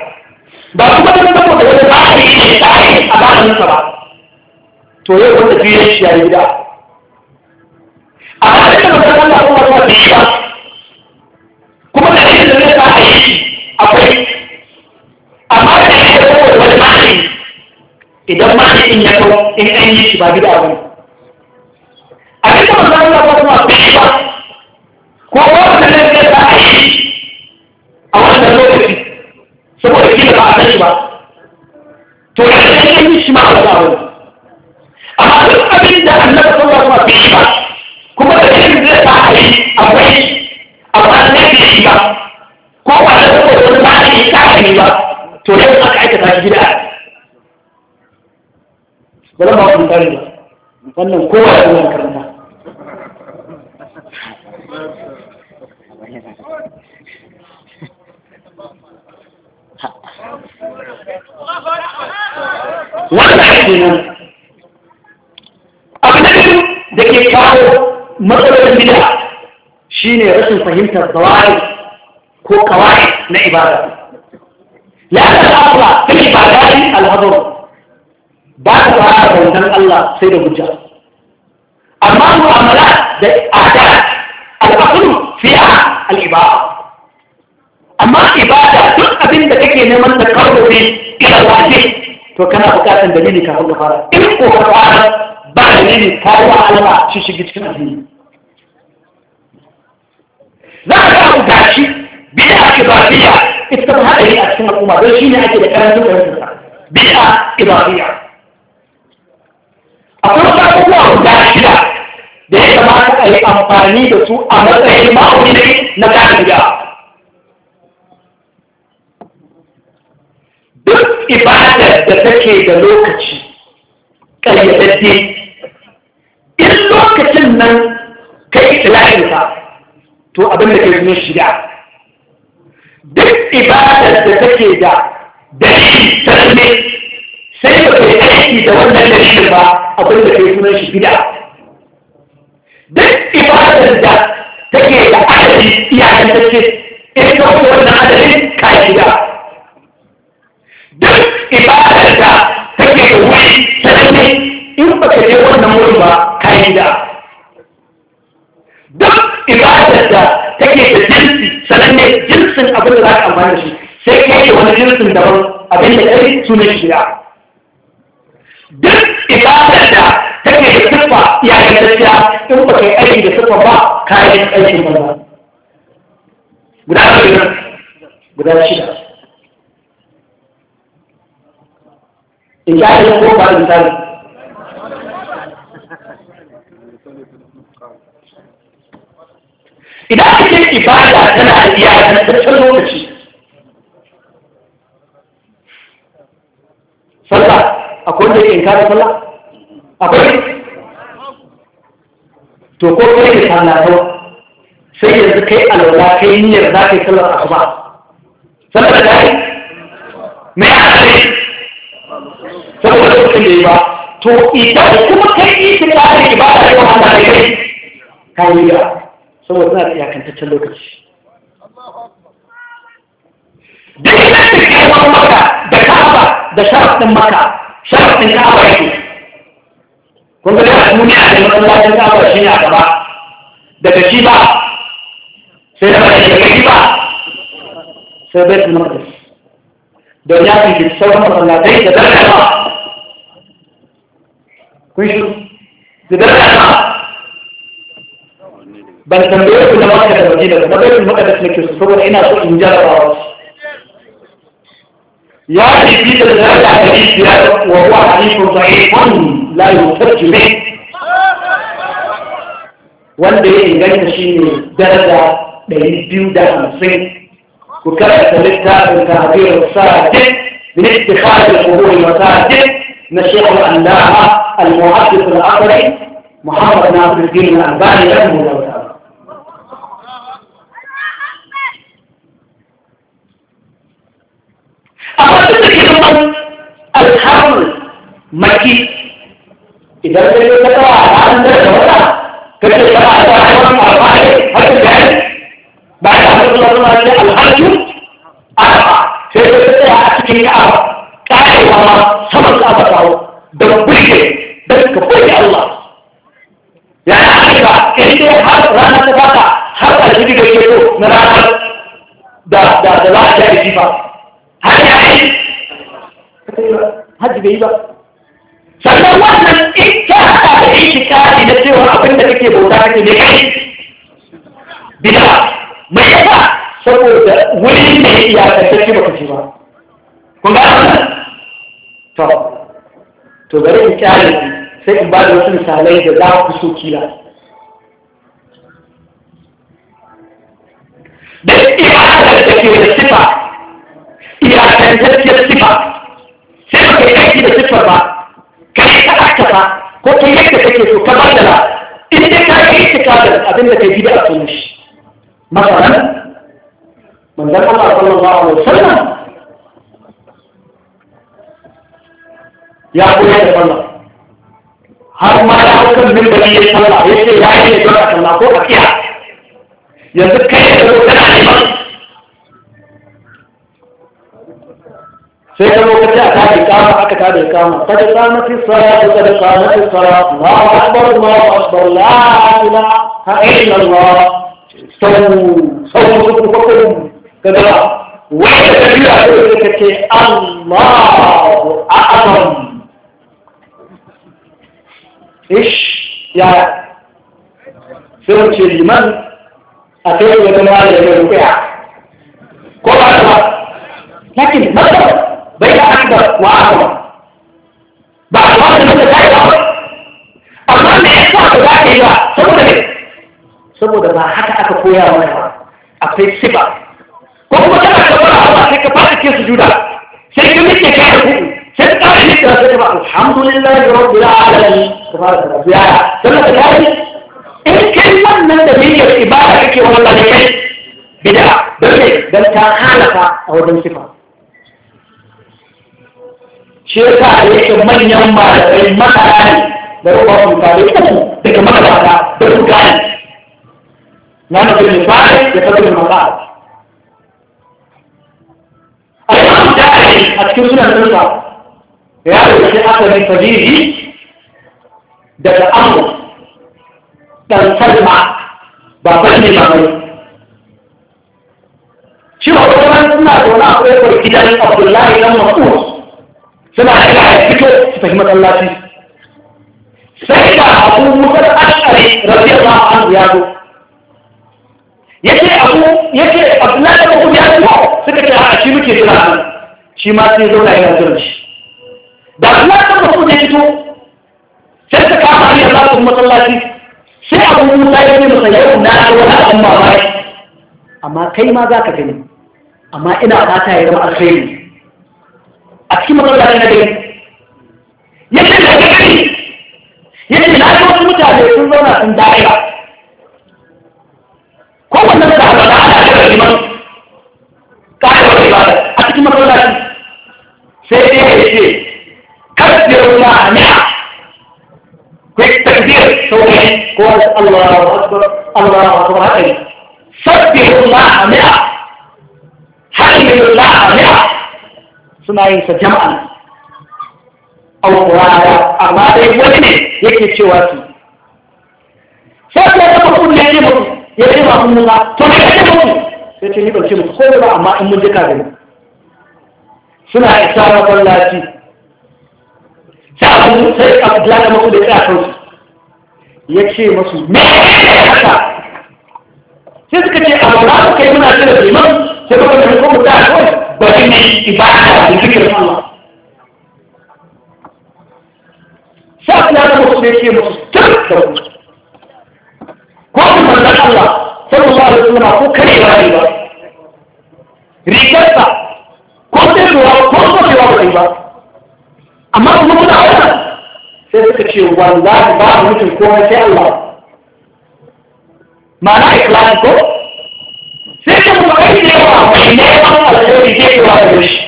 ba kuma da wani tsari ne tsari a ba to yau wanda ya shi yayi da a da ba kuma da shi da zai akwai amma da shi da wani idan mani in ya kawo in an yi shi ba gida ba a cikin shi ba ko ne yin shi ma a abin da annabi ba kuma da yin zai ta yi akwai amma ne yi ba ko ba da ba ne ka yi ba to yau aka ta gida ba ku wannan haƙƙi ne abin da da ke kawo matsalolin bida shine rashin fahimtar zawari ko kawai na ibada لأن الأصل في العبادات الهضر بعد فعلا بوزن الله سيد الجار أما المعاملات الأعداد الأصل فيها العبادة أما العبادة تلك أبن تكي نمن تقرب إلى الواجب to kana buƙatar dalili kafin ka fara in ko ka fara ba dalili ka yi alama shi shige cikin addini za ka ga abu gashi bid'a kibariya ita ta haɗari a cikin al'umma don shi ne ake da karatu da rasinsa bid'a kibariya akwai wasu abubuwa guda shida da ya kamata a yi amfani da su a matsayin ma'auni na kare bid'a ibadar da take da lokaci ƙayyadadde in lokacin nan ka yi tilayensa to abin da ke zuwa shida duk ibadar da take da dalili sanne sai ba kai aiki da wannan dalilin ba abin da ke zuwa shi gida duk ibadar da take da adadi iyayen take in ka wannan adadin ka gida ibadar da take da wuri ta ne in ba ka je wannan wurin ba ka yi da duk ibadar da take da jinsi sananne jinsin abin da za ka amfani da shi sai ka yi wani jinsin daban abin da kai sunan shida duk ibadar da take da siffa ya yi gaskiya in ba ka yi aiki da siffa ba ka yi aikin ba. guda shida guda shida in sha Allah ko ba da tsari idan aka ce ibada tana da iyaka na tsarkar lokaci sallah akwai wanda yake kare sallah akwai to ko kai ne sallah sai yanzu kai alwala kai niyyar za ka yi sallar asuba sallar da yi me ya saboda mutum da yi ba to idan kuma kai yi ta kare ba da yi hana da yi. ka yi da saboda suna ta iyakantaccen lokaci duk da ta kai maka da kaba da sharafin maka sharafin kaba yake kun ga da duniya da masallacin kaba shi ne a gaba daga shi ba sai da ba daga shi ba sai bai tunar da don ya fi shi sauran masallatai da daraja ba kun shi da daraja ba ban tambaye ku da maka da madina da tambaye ku maka da nake su saboda ina so in jarraba wasu ya fi fi da daraja a hadisi biyar wa huwa hadisun sahihun la yutarji bih wanda ya inganta shi ne daraja ɗari biyu da hamsin وكانت لك من تعبير الساكت من اتخاذ القبور المساجد نشيخ العلامة المحدث العقلي محمد ناصر الدين الألباني رحمه الله تعالى أردت كلمة الحمل مكي إذا كنت تقرأ عن ذلك كنت تقرأ عن ذلك bayan abin da zama da alhaji arba sai da ta tsaya a cikin ka'aba karewa ma saman ka'aba kawo da burge da ka burge Allah ya yi arewa kai dai har rana ta fata har a jiri da ke na ranar da da da za a jari jifa har ya yi hajji bai yi ba sannan wannan ita ta da ishi kari na cewa abin da kake bauta kake ne kai bida me yasa saboda wurin da ya iyakantacce ba ku ci ba kun ga to to bari in kyale sai in ba da wasu misalai da za ku so kila da iyakar da ke da sifa iyakantacciyar sifa sai ba ka yi aiki da sifar ba ka yi ta ba ko ta yadda kake so ka ba da la in dai ka yi ta abin da ka yi da a tunan shi مثلا من ذكر الله صلى الله عليه وسلم يقول يا الله har ma ya hukun min da ya sallah ya ce ya yi zuwa sallah ko akiya yanzu kai da zo kana neman sai ka zo kace aka yi kama aka ta da kama kada kama fi salatu kada kama fi salatu Allahu akbar Allahu akbar la ilaha illallah صوتكم كذا ولا تبيع ذلك الله أعظم إيش يا سيرت الإيمان أتيت وتمالي للركع كل هذا لكن ماذا بين أكبر وأعظم بعد ما تمسك أكبر أما الإحساس ذاك إذا سبب saboda ba haka aka koya wa ba akwai siba ko kuma kana da wani abu sai ka fara ke su juda sai ka miƙe ka da kuɗi sai ka ƙara miƙe da sai ba alhamdulillah ya rabu ya alamin ka fara da biya sannan ka yi. in kai wannan da niyyar ibada kake wannan ne kai bid'a don ne don ta halaka a wajen sifa shi yasa da yake manyan malamai masana ne da ruwa mutane uku daga malamata da su gane نعمل المصالح يقدم المصالح الإمام الداعي أتكلمنا النصر يعرف الشيء من فديه ده الأمر تنسلمع بطني مغير شو هو كمان سمع دولا أقول كده عبد الله لم مقصود سمع الحياة كده تفهمة الله فيه سيدة أبو موسى الأشعري رضي الله عنه يا أبو yake abu yake abdullahi da kuma ya ko suka ce a shi muke suna shi ma sai zauna yana jiran shi da abdullahi da kuma ya fito sai ta kama ne a zafin masallaci sai abu musa ya ne masa yau na wani abin mamaki amma kai ma za ka gani amma ina fata ya zama alkhairi a cikin masallaci na gani yake da gani yake na ga wasu mutane sun zauna sun da'ira liman ƙa'idar ibada a cikin masallaci sai dai ya ce kaddiyar ma ne ku yi takbir sau ne ko wasu Allahu akbar Allahu akbar haka ne sabbiyar ma ne halilin la ne suna yin sa jama'a alƙurara amma dai wani ne yake cewa su sai ka yi kulle ne mutum ya ce ba kun nuna to ne ya ce mutum sai ce ni ban ce musu komai ba amma in mun je ka gani suna isa masallaci sai abu sai abu da masu da ya kansu ya ce masu me haka sai suka ce abu na suka yi muna ce da liman sai ba ka ko mutum a kawai bari ne ibada da zikirin Sa sai abu da masu da ya ce musu tun da ko kuma Allah sallallahu alaihi wasallam ko kare ba ne ba rigarsa ko sai ruwa ko ko sai ba ba amma kuma kuna wannan sai suka ce wallahi ba mutum ko sai Allah ma'ana ikhlasi ko sai ka mu kai da yawa mai ne ba alheri ke yawa da shi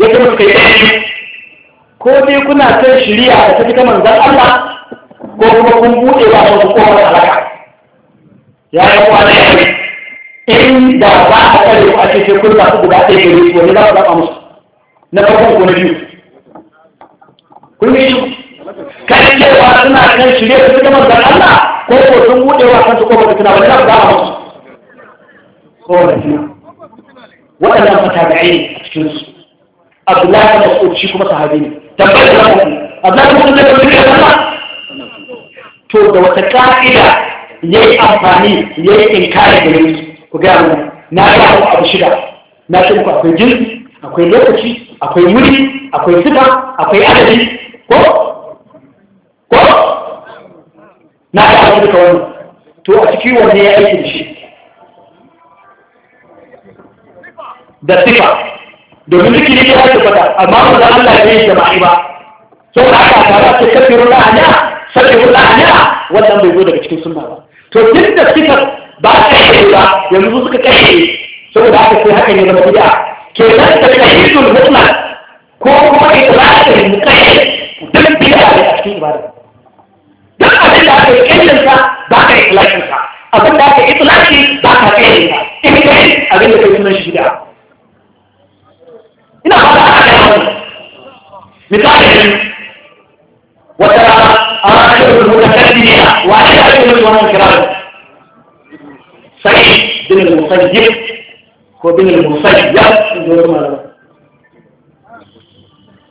yadda muka yi ko dai kuna son shiriya da ta fita manzon Allah ko kuma kun buɗe wa wasu kowar halaka ya yi kwana in da ba a kare ku a ce ba kun zaɓi guda ɗaya gare wani za ku zaɓa musu na farkon ko na biyu kun yi kan cewa suna kan shirye su suka zan Allah ko ko sun buɗe wa su ko ba su tuna da za ku zaɓa musu ko tuna waɗannan matabi'ai ne a cikinsu Abdullahi da Mas'ud shi kuma sahabi ne tabbata da Abdullahi da Mas'ud da da Mas'ud to da wata ka'ida ya yi amfani ya yi inkari da yanki ku gaya mu na yi abu shida na shi ku akwai jinsi akwai lokaci akwai wuri akwai suka akwai adadi ko ko na yi abu duka wani to a cikin wani ya aiki da shi da sifa domin duk ne ya tabbata amma ba za Allah ya yi jama'i ba sau da aka tara ce sarki la'ana a la'ana wannan bai zo daga cikin sunna ba to duk da suka ba ta kashe ba yanzu suka kashe saboda haka sai haka ne zama bid'a kenan da tashidul mutla, ko kuma ikrarin muqayyad duk bid'a ne a cikin ibada duk abin da aka yi kayyanta ba ka iklakin sa abin da aka iklaki ba ka kayyanta in kai abin da kai sunan shi bid'a ina ba da haka misali wata rana آية المتكلمين وعلى أجل الإمام الكرام سعيد بن المسجد وبن المسجد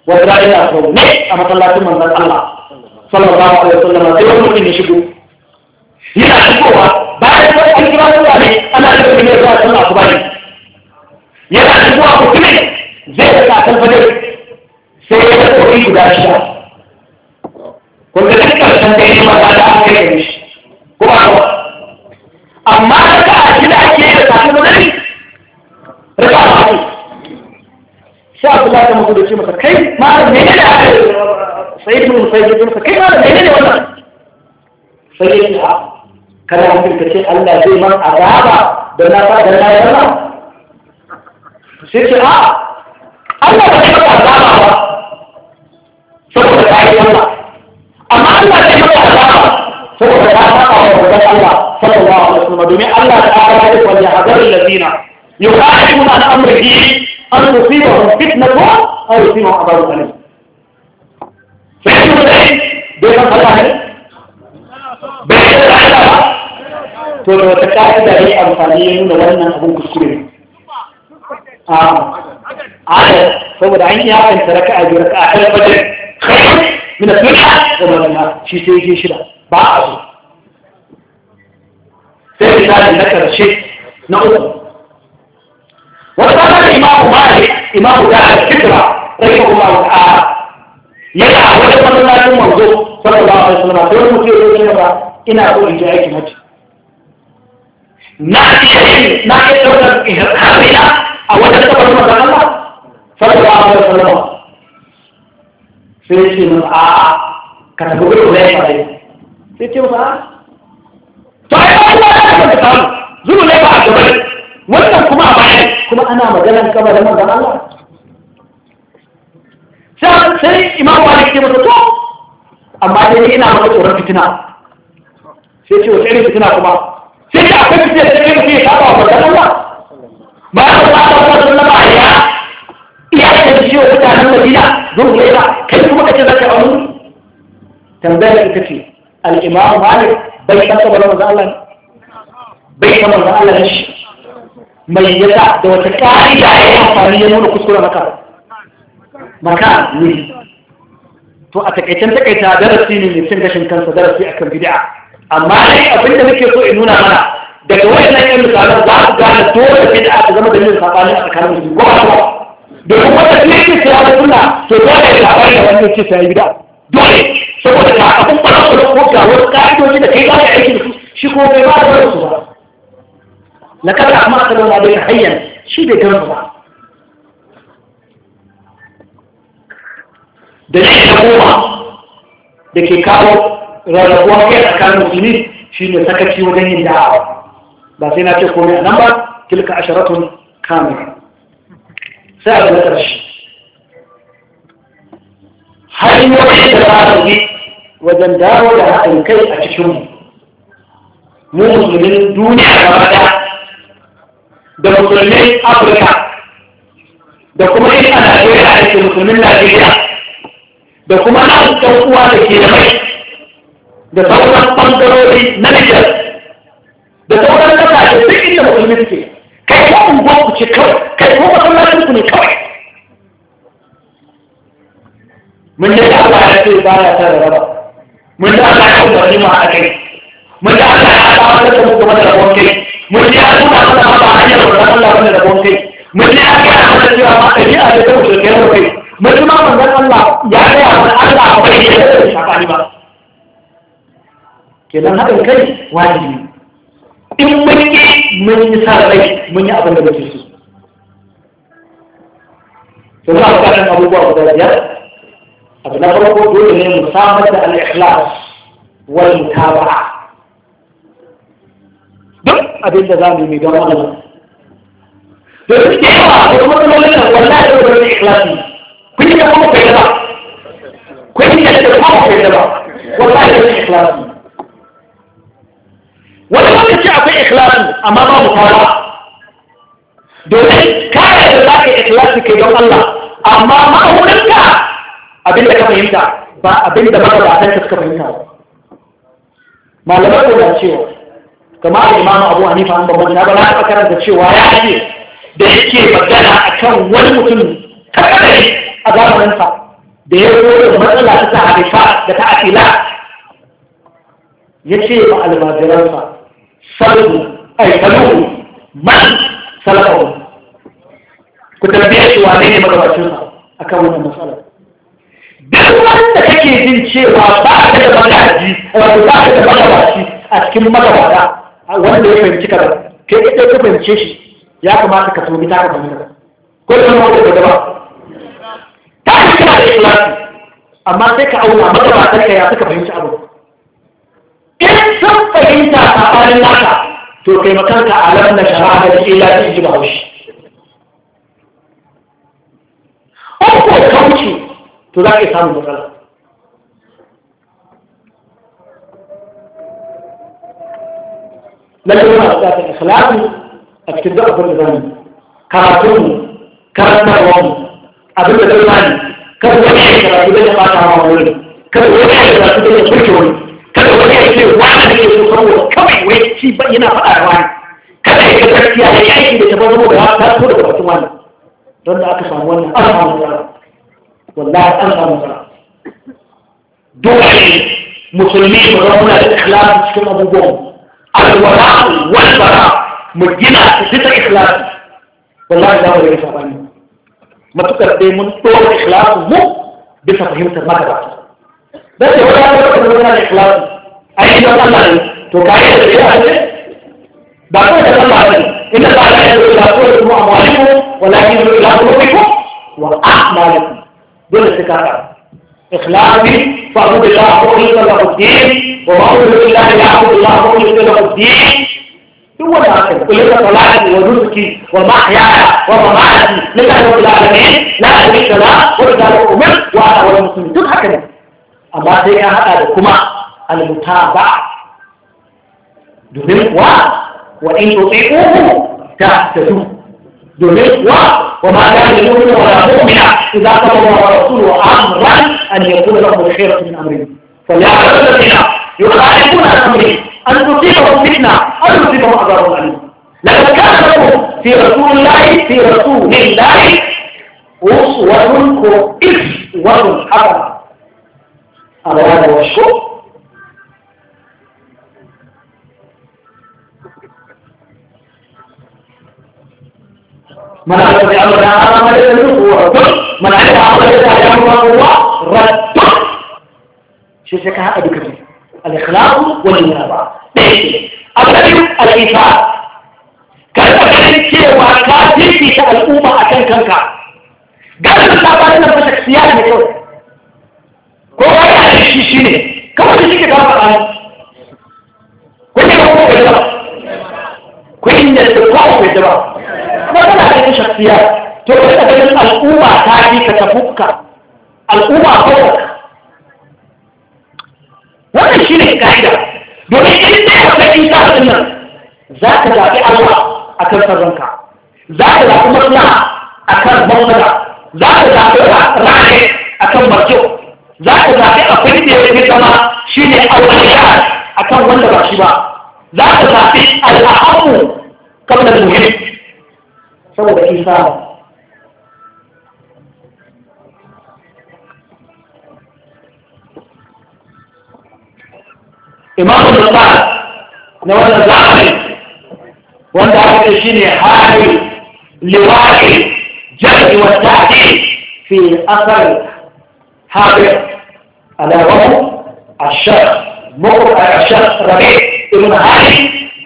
وإبراهيم أخوه نيك أما صلى الله عليه وسلم صلى الله عليه وسلم تقول ممكن يشبه هنا أشبهها بعد ذلك الكرام الله أنا أشبه من الله صلى الله عليه وسلم يلا أشبهها كثير زي الساعة الفجر سيدة وإيه داشتها وكذلك الشمسين مرحلة عمي يمشي هو عدوى أما ركعة كده أكيد ركعة مدري ركعة عدوى شاء الله كما قلت شيء مثلا كيف ما أعرف منين سيد من سيد من مثلا كيف ما أعرف منين ولا سيد كان عندي كثير الله زي ما أجاب دنا دنا دنا sai ce a Allah ba ta ba ba saboda ta Allah da yau azaba saboda ya saba wa gaban Allah sallallahu alaihi wasallam domin Allah ta fara da wal yahzar alladina yuqatiluna an amrihi an tusibahum fitnatu aw yusibahum adhabun alim sai ku dai bai san Allah ne bai san Allah ba to da wata ka'ida ne amfani ya nuna wannan abun kuskure a a saboda an yi hakan ta raka'a biyu raka'a ta fajr min al-bid'a wa ma shi sai yake shida ba a so sai misali na karshe na uku وقال الإمام مالك إمام دار الفكرة رحمه الله تعالى يدعى وجه الله المنظور صلى الله عليه وسلم دون مكير الجنة إنا أقول جاءك مجد نأتي نأتي أولا إهرامنا أولا تقبل مدى الله صلى الله عليه وسلم sai ya ce a ka tafi gudu zai farai sai ce masa to ai ba kuma da kuma ka samu ne ba a gaba wannan kuma a baya kuma ana maganar kaba da manzon Allah sai sai imam Malik ke masa to amma dai ina maka tsoron fitina sai ce wata irin fitina kuma sai ya akwai fitina sai ya ce ya saba wa manzon Allah ba ya ba ta ba ta ba ya ka ta ciwo mutanen madina zurgure ba kai kuma ka ce za ka yi aure tambayar ita ce al'imamu malik bai san kamar manzo Allah bai san manzo Allah ne shi mai yasa da wata ka'ida ya yi amfani ya nuna kuskure maka maka ne to a takaicen takaita darasi ne mai cin gashin kansa darasi akan bid'a amma dai abin da nake so in nuna mana daga wayannan yan misalan za su gane dole bid'a ta zama dalilin sabani a tsakanin su ko ba domin wanda ne ke siya da suna to dole ya labari da wanda ke siya gida dole saboda da abin ba su ko ga wani ka'idoji da kai ba ka aiki da su shi ko bai ba da wani su ba na kada amma aka nuna bai hayyan shi da gano ba da shi da goma da ke kawo rarrabuwa kai tsakanin musulmi shi ne sakaci wajen yin da'awa ba sai na ce komai a nan ba tilka asharatun kamila sai a na ƙarshe hanyoyi da za a yi wajen dawo da haɗin kai a cikinmu mu musulmin duniya gaba da da musulmin afirka da kuma yin a najeriya da ke musulmin najeriya da kuma na ɗan uwa da ke da mai da sauran ɓangarori na nijar da sauran ƙasashe duk inda musulmin ke kai ko unguwar ku ce kawai kai ko masallacin ku ne kawai mun da Allah ya ce ba ya raba mun da Allah ya mu a kai mun da Allah ya ba da mu game da rabon kai mun da ya da hanyar da da rabon kai mun da ya da kai a da kai da kai mun da Allah ya ga ya Allah ba ya da kenan haɗin kai wajibi in mun yi mun yi sa rai mun yi abin da ba muke su to za ka kaɗan abubuwa guda biyar abu na farko dole ne mu samar da al-ikhlas wal mutaba'a duk abin da za mu yi don wannan to shi da yawa da kuma kuma wannan wallahi da wani ikhlas kun yi da kuma ba kun yi da kuma ba wallahi da wani ikhlasi wani lokaci akwai ikhlasin amma ba mu fara domin kare da za ka yi ikhlasi kai don Allah amma ma'aurinka abinda ka fahimta ba abinda ba da akan ka fahimta ba malamai da cewa kamar imamu abu hanifa an babban na ba na taɓa karanta cewa ya ce da yake magana akan wani mutum kakarai a zamaninsa da ya zo da matsala ta harifa da ta akila ya ce ma almajiransa صلبوا أي صلبوا من صلبوا كنت نبيع شو عليه ما أكون أنا صلب ده هو أنت كي يدين شيء وبعد ما نعدي وبعد ما نعدي أتكلم وانا اللي يفهم كذا كيف تقول من يا كم أنت كتوم بتاعك من هذا كل ما هو كذا تعرف كذا أما تك أو ما تبغى تك يا تك بيمشي أبوه in sun fahimta saɓanin naka to kai makanta a lam na shara'a da ila ta ji bahaushe ko ka wuce to za ka yi matsala lallai ma da da a cikin duk abin da zamu karatun karantarwa abin da zai bani kan wani ya karatu da ya fata hawa wani kan wani ya karatu da ya kuce wani ya ce wani da ke so saboda kawai wai ci ba yana faɗa da wani kada ya ga gaskiya ya yi aiki da ta ba zama da ta so da bakin wani don da aka samu wannan an samu matsala wallahi an samu matsala dole musulmi mu zama muna da ikhlasi cikin abubuwan alwala wal bara mu gina su bisa ikhlasi wallahi za mu rage sabani matukar dai mun dole ikhlasin mu bisa fahimtar magabata dan da wani ya zama da ikhlasi ai don Allah ne to ka yi da ya ce ba ko da Allah ne inna ba la yadu la ko da mu amaliku wala yadu la ko biku wa a'maliku dole sai ka ikhlasi fa hu bi Allah ko ni da din wa ma'budu billahi ya abudu Allah ko ni da din duk wanda aka kula da salati wa nusuki wa mahyaya wa mamati lillahi rabbil alamin la sharika la wa la ilaha illa huwa wa ana wal muslimin duk haka ne amma sai ka hada da kuma المتابعة دون قوة وإن تطيعوه تهتدوا دون قوة وما كان يقول ولا مؤمنا إذا قال الله ورسوله أمرا أن يكون لهم الخير من أمره فلا الذين يخالفون الأمر أن تصيبهم فتنة أو تصيبهم أضرار عنهم لو كان لهم في رسول الله في رسول الله أسوة كرة أسوة حرة على هذا الشكر من عمل بعمل عمل النبوة من عمل عمل عمل الله رد شو شكاها أبو كبير الإخلاص والمنابعة أبدا الإنفاق كذا كان cewa ka fifita al'umma a kan kanka ganin labarin nan fata siya ne kyau ko ba ya da shi shi ne kawai shi ke kafa ɗan kun yi kawo kai ba kun yi da kawo kai ba ko tana ganin shafiya to ka rika ganin al'umma ta fi ka tafukka al'umma ko wannan shi ne ka'ida domin idan dai ka kai isa din nan za ka zaɓi Allah a kan sarranka za ka zaɓi maslaha a kan maslaha za ka zaɓi Rahe a kan barkyau za ka zaɓi abin da yake fi zama shi ne alwaliyar a kan wanda ba shi ba za ka zaɓi al'amu kamar da muhimmi saboda isa imamu sultan na wannan zamani wanda aka ce shi ne hali liwaɗi jari wa taɗi fi asar habir alawar ashar muku a ashar rabe ibn hali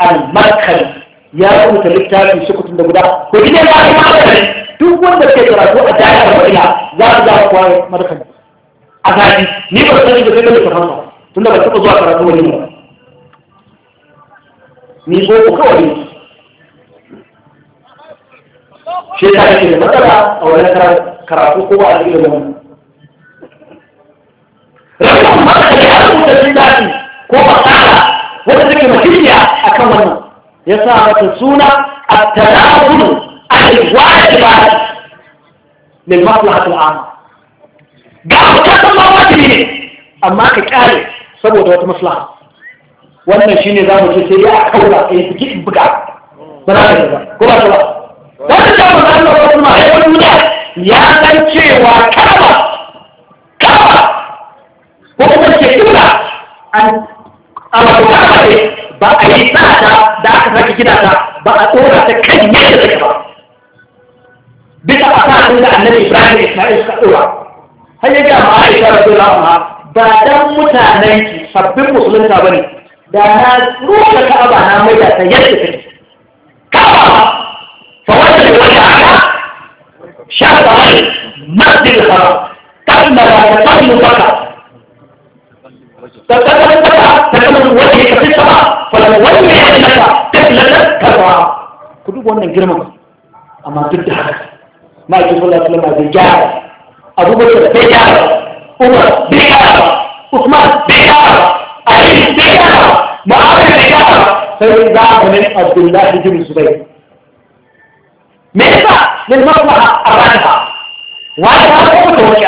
al-makkali ya rubuta littafin shukutun da guda ko gidan ya yi magana duk wanda ke karatu a jami'ar madina za su za kuwa madakan a zafi ni ba sani da sai da littafin ba tunda ba taɓa zuwa karatu wani ba ni ko ku kawai ne shi ta yake da matsala a wani karatu ko ba a cikin wani rashin magana ya rubuta littafi ko ba tsara wanda take mahimmiya akan wannan ya sa mata suna a tarahun alwajibat min maslahatul amma ga ka san ma wajibi ne amma ka kyale saboda wata maslaha wannan shine zamu ce sai ya kaura ya fiki in buga ba za ka ba ko ba ba wannan da mun Allah ba kuma ai wannan ne ya san cewa kaba kaba ko kuma ce kibla an Allah ko kaba ba a yi tsada da aka sake gina ta ba a tsora ta kan yadda take ba bisa a sa da annabi ibrahim isma'il suka tsora har ya ga ma aisha radiyallahu anha ba dan mutanen ki sabbin musulunta bane da na roƙa ba na maida ta yadda take ka'aba fa wanda da wanda aka shafa masjidil haram kan da ba ta mu baka فتتبتها فلنولي كفتها فلنولي عندك كفتها كدوب وانا جرمك أما ضد حدث ما يجب الله سلم هذا جار أبو بكر بيار عمر بيار عثمان بيار علي بيار معاوية بيار فإذا من عبد الله بن الزبير ماذا للمصلحة الراجحة وهذا أقول لك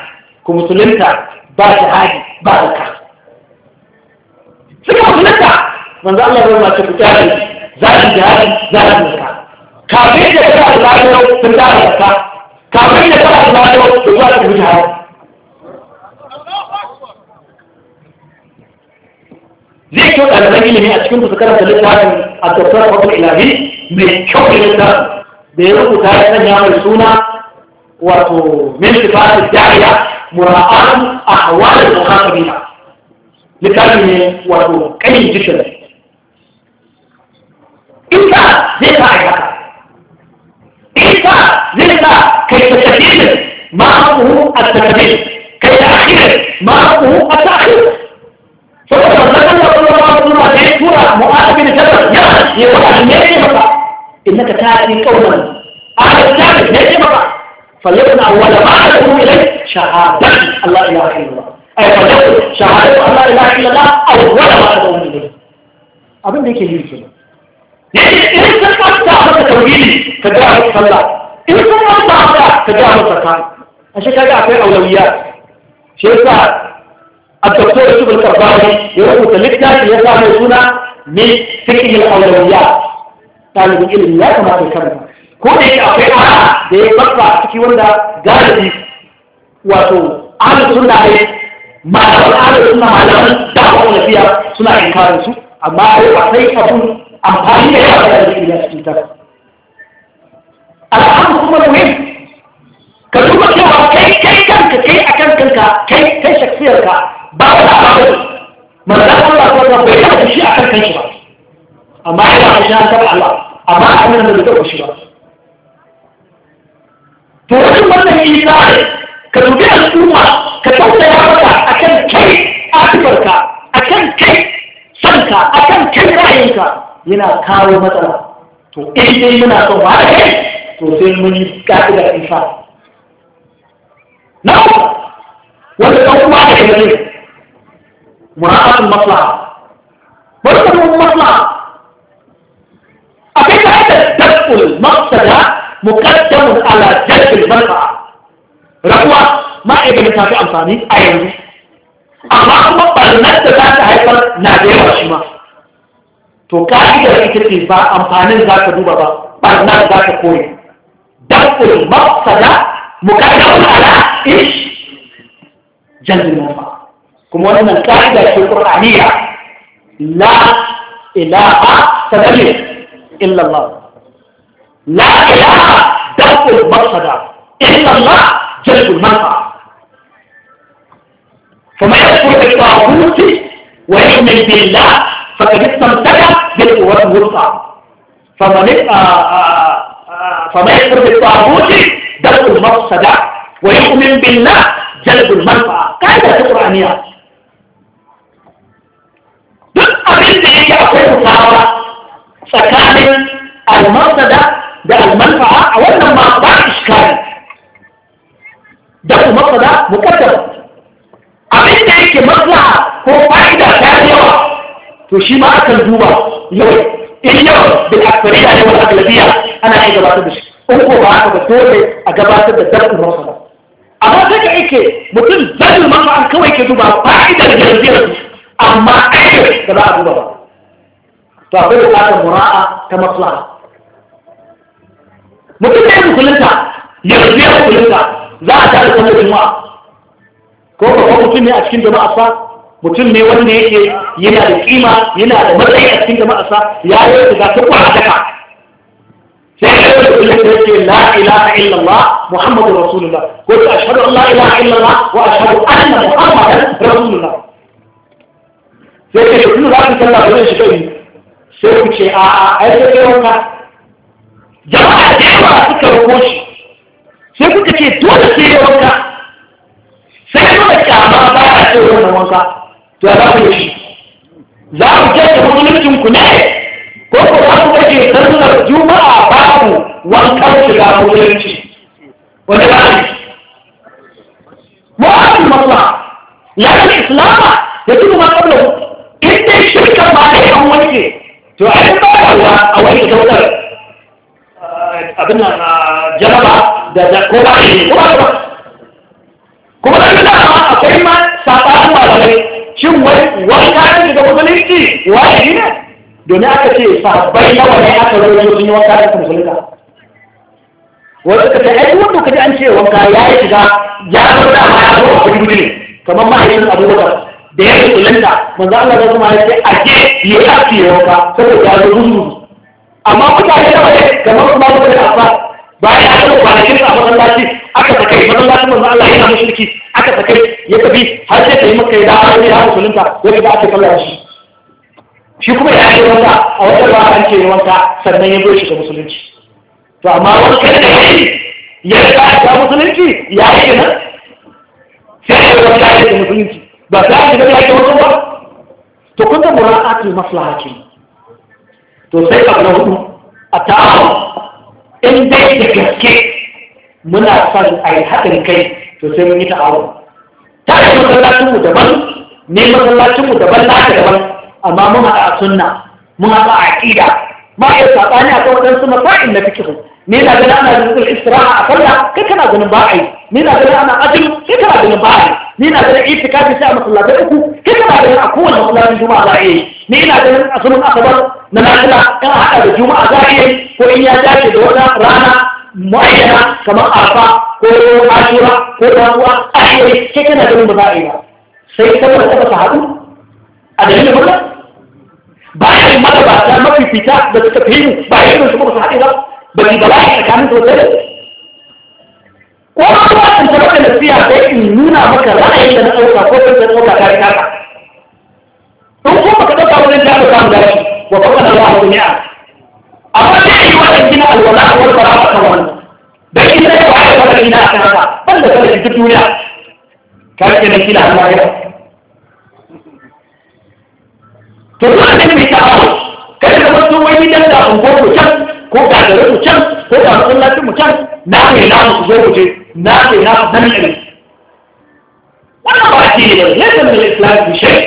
ku musulunta ba jihadi ba zakka suka musulunta manzo Allah ya mace ku tare za ki jihadi za ki zakka kafin da kada Allah ya sun da zakka kafin da kada Allah ya sun da jihadi zai kyau ɗaliban ilimi a cikin su karanta littafin a tattara kwakwal ilahi mai kyau da littafin da ya rubuta ya sanya mai suna wato min sifatin jariya مراعاة أحوال المخاطبين لكلمة wato kanin dictionary ita zai sa ai haka ita zai sa kai ta tafiyar ma abu a tafiyar kai ta akhira ma abu a ta'khir saboda wannan da Allah ya tura da tura mu'adabin tabar ya ya wani ne ne maka innaka ta'ti qawlan a ta'ti ne ne maka falyakun awwala ma'a tu'minu ilayhi شهادة الله إله إلا الله أي فلو شهادة الله إله إلا الله أول ما أدعون إليه أبن ديك يجيب كده إن سمعت هذا توحيدي كدعوة صلاة إن سمعت هذا كدعوة زكاة عشان كده أعطي أولويات شيء الدكتور يوسف الكرباوي يروح لنا يسمع سنة من فقه الأولويات طالب العلم لا كما ذكرنا ko da yake akwai ana da ya farfa ciki wanda galibi wato ahlus sunna ne malaman ahlus sunna malaman ba wani fiya suna inkarin su amma ai ba sai abun amfani da yawa da zai iya cikin ta al'amu kuma muhim ka duba cewa kai kai kanka kai a kan kanka kai kai shaksiyarka ba ka da abin manzan Allah ko ta bai da shi a kan kanka ba amma yau a shi an taɓa Allah amma a kan da bai shi ba to wannan wannan yi ne ka dubi al'umma ka tausaya mata akan kai afifarka akan kai sanka akan kai ra'ayinka yana kawo matsala to in dai muna son ba da kai to sai mun yi ka'idar isa na uku wanda ɗan uwa da kai ne mura'atun maslaha mura'atun maslaha akwai ka'idar dabbul mafsada muqaddamun ala jalbil manfa'a rabuwa ma a ganin ta fi amfani a yanzu amma kuma barnar da za ta haifar na da yawa shi ma to ka'idar ita ce ba amfanin za ka duba ba barnar za ka koyi dakul mafsada mukaddamun ala ish jalbin nafa kuma wannan ka'ida ce qur'aniya la ilaha tadallu illa allah la ilaha dakul mafsada illa allah جلب المنفعه فما يكفر بالطاغوت ويؤمن بالله فقد استمتع بالقوات الوسطى فما يكفر بالطاغوت جلب المفسده ويؤمن بالله جلب المنفعه كيف تقرا نياك فكان المرصد ده المنفعه او انما ما اشكال don mafsada mukaddara abin da yake maslaha ko fa'ida ta yawa to shi ma akan duba yau in yau da akfariya ne wal aglabiya ana iya gabatar da shi in ko ba haka ba dole a gabatar da dar'in mafsada amma sai ka yake mutum zalil mafsada kawai ke duba fa'idar da yanzu amma ayyuka da za a duba ba to akwai bukatar mura'a ta maslaha mutum da ya musulunta yanzu ya musulunta za a tare sallar juma'a ko ba mutum ne a cikin jama'a sa mutum ne wanda yake yana da kima yana da matsayi a cikin jama'a sa ya yi wata ga ta kwadaka sai ya yi wata da yake la ilaha illallah muhammadu rasulullah ko ta ashhadu an la ilaha illallah wa ashhadu anna muhammadan rasulullah sai ka shi za ku sallah wajen shi kai sai ku ce a a ai sai kai wanka jama'a da yawa suka rako shi sai kuka ce dole sai ya wanka sai kuma kyama ba ya ce wannan wanka to ya za ku yi shi za ku kyauta musuluncin ku ne ko ku za ku kace sallar juma'a babu wankan shiga musulunci wani ba ne mu'adin masla ya ce islama ya ci kuma kabla in dai shirka ba ne an wanke to a yi ba a wani kyautar abin nan jaraba da da ko ba ne ko ba kuma da akwai ma malamai shin wai wani kayan shiga musulunci wajibi ne domin aka ce sabbai nawa ne aka rawaito sun yi wanka da musulunta wani suka ce ai wanda kaji an ce wanka ya yi shiga ya zo da ma ya zo a kudi ne kamar mahaifin abubakar da ya musulunta manzo Allah ya kuma ya ce a yi a ce wanka saboda ya zo gudu amma mutane da wani kamar kuma da ba bayan aka zo kwanakin sa masallaci aka saka yi masallacin manzo Allah yana mushriki aka saka ya tafi har sai kai maka ya dawo ya musulunta da aka kalla shi shi kuma ya yi wanka a wata ba an ce wanka sannan ya zo shi ga musulunci to amma wani kai da yi ya riga da musulunci ya yi nan sai ya wanka ya ga musulunci ba za a shiga ya ke wanka ba to kun ga mura'atul maslaha ce to sai abu na hudu a ta'awun in dai da gaske muna son a yi haɗin kai to sai mun yi ta'awun ta yi mu daban ne mu daban na ta daban amma mun haɗa sunna mun haɗa aƙida ma iya saɓani a kan waɗansu masa'in na fikihu ne na gani ana zuzul Isra'a a sallah kai kana ganin ba a yi ne na gani ana azumi kai kana ganin ba a yi ne na ifi itikafi sai a masallacin uku kai kana ganin a kowane masallacin juma'a za a yi ne na ganin azumin asabar na lafiya kan haɗa da juma'a za a yi ko in ya dace da wata rana ma'aikata kamar arfa ko ashura ko ramuwa a shirye sai kana ganin ba za a yi ba sai saboda taɓa ta haɗu a dalilin murna yi mata ba ta fita da suka fi yin yi su kuma su haɗe ba ba ni ba a tsakanin da ko ba kuma san ta maka siya sai in nuna maka ra'ayin da na ɗauka ko sai ta ɗauka ta yi ka in ko baka ɗauka wajen da ka samu dashi ta faɗa da wa'adu amma da yi wannan gina kita a wani fara kan wannan da shi sai kita ya fara ina itu haka ban da sanin duk duniya ka ce ne kila amma ya to wannan ne mai tawo kai da wasu wani dan da ungo ko can ko da da ku can ko da masallacin mu can na ne na ku zo ku je na ne na ku dan ne wannan ba shi ne ne da Islam bi shay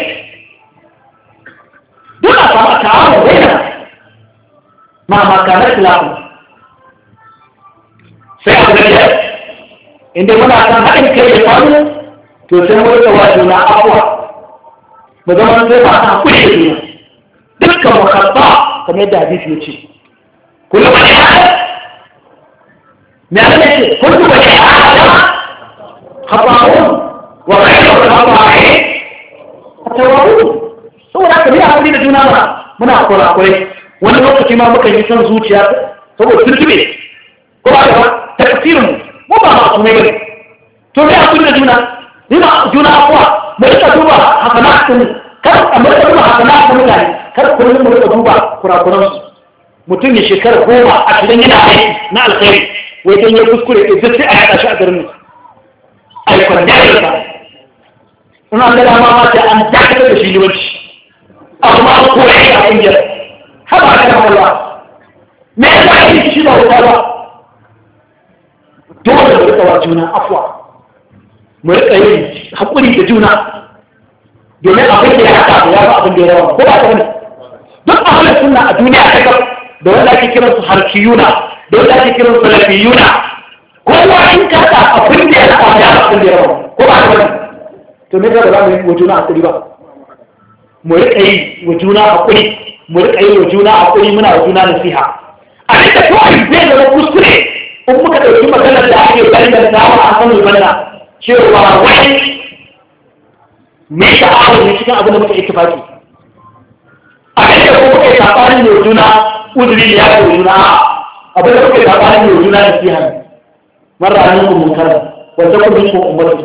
duk ma makarar lafi sai a gaba inda muna kan haɗin kai da kwanu to sai mu rika wa juna abuwa mu zama sai ba ta kuɗe juna dukkan mu kamar yadda hadisi ya ce kullu ba ya me ne ce kullu ba ya khaba'un wa ghayru khaba'i tawawun saboda haka mu yi da juna ba muna kura kula wani lokaci ma muka yi son zuciya saboda turkube ne ko ba da tafsirin mu ba masu mai bane to me a kunna juna ina juna kuwa mu rika duba hasanatun kar a mu rika duba hasanatun mutane kar kullum mu rika duba kurakuran su mutum ya shekara goma a cikin yana aiki na alkhairi wai dan ya kuskure da zai a yada shi a garin ai kwanda ya ba ina da dama ma sai an dakatar da shi liwanci amma ko ya yi a kungiyar har ba ka dafa ruwa me ya sa yi shi da wuta ba dole mu rika juna afwa. mu rika yin haƙuri da juna domin abin da ya haɗa da ya ba abin da ya rawa ko ba ta wani duk ahalin suna a duniya ta gaba da wanda ake kiransu harkiyuna da wanda ake kiransu lafiyuna kowa in ka ta abin da ya rawa ya abin da ya rawa ko ba ta wani to me da ba mu yi wa juna a asiri ba mu rika yi wa juna a haƙuri mu rika yi wa juna a kuri muna wa juna siha. a rika yi zai zama kuskure in muka ɗauki maganar da ake danganta wa a kan zubanna cewa wani me sha'awar ne cikin abin da muka ittifaki a rika ko muka yi saɓanin wa juna uzuri ya wa juna abin da muka yi saɓanin wa juna nasiha marar ranar ku munkar wanda ku bin ku umarci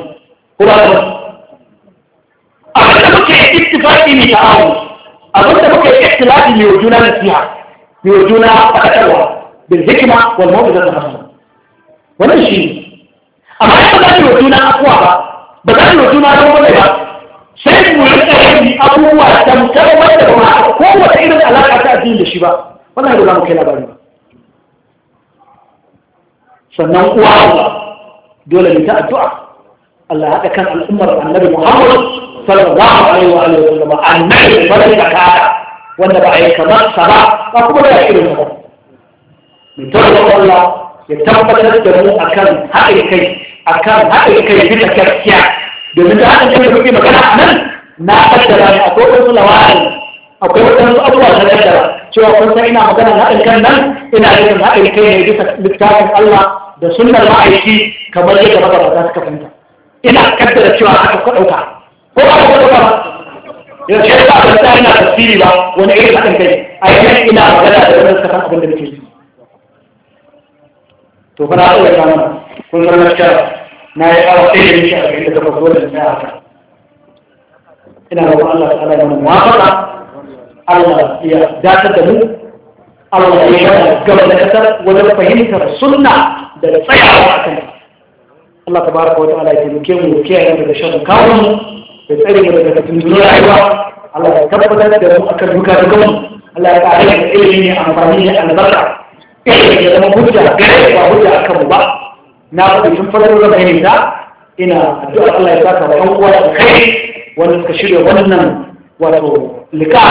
kuma ba da abin da muka yi ittifaki ne sha'awar أظن أنك احتلال ليوجونا نسيها ليوجونا أكتبها بالذكمة والموجزة المحسنة ونمشي أما أيضا ليوجونا أكوابا بدأ ليوجونا أكوابا سيد مرسلين أبوه تمتلوا مدهما أكوابا تقيدا الألاقة تأذين لشيبا ولا يقول لهم كلا بارنا فنن أعوى دولة لتأدعى الله هذا كان الأمر عن نبي محمد sallallahu alaihi wa alihi wasallam annabi bar da kaya wanda ba a yi kamar sa ba ba kuma da irin ba mu tabbata Allah ya tabbatar da mu akan haɗin kai akan haɗin kai bisa gaskiya domin da haɗin kai da kuke magana a nan na tattara ne akwai wasu lawarin akwai wasu abubuwa da tattara cewa kun san ina magana haɗin kan nan ina yin haɗin kai ne bisa littafin Allah da sunnar ma'aiki kamar yadda magabata suka fahimta ina kaddara cewa aka kwaɗauka ko ba ka ba ya ce ba ka sa ina tafsiri ba wani irin hakan kai a yanzu ina magana da wani kasan abin da nake yi to fa na so ya kama kun san gaskiya na yi awa ɗaya da nake a cikin da kafa zuwa da na haka ina roƙon Allah ta'ala ya mana muwafaqa Allah ya dace da mu Allah ya yi gaba da ƙasar wajen fahimtar sunna da tsayawa a kan Allah ta baraka wata ala ya taimake mu kiyaye da shan kawo mu ya tsare mu daga tunzurin rayuwa Allah ya tabbatar da mu akan duka da kanmu Allah ya kare mu ilimi ne amfani da albarka ilimi ya zama hujja gare ba hujja akan mu ba na faɗi tun farko da bayani da ina addu'a Allah ya saka wa ɗan uwa da kai wanda suka shirya wannan wato lika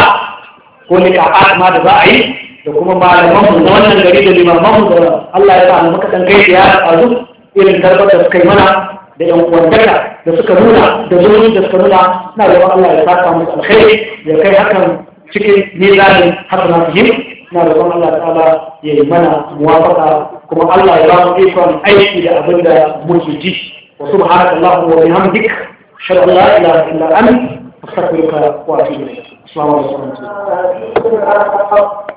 ko lika ma da za a yi da kuma malaman mu na wannan gari da limaman mu da Allah ya sa mu muka san kai ya tsazu irin tarbar da suka yi mana da yan uwantaka da suka nuna da zuwa da suka nuna na roƙon Allah ya saka musu alkhairi ya kai hakan cikin mizanin hasanatu him na roƙon Allah ta'ala ya yi mana muwafaqa kuma Allah ya ba mu ikon aiki da abin da muke ji wa subhanaka allahumma wa bihamdik ashhadu an la ilaha illa anta astaghfiruka wa atubu ilayk assalamu alaikum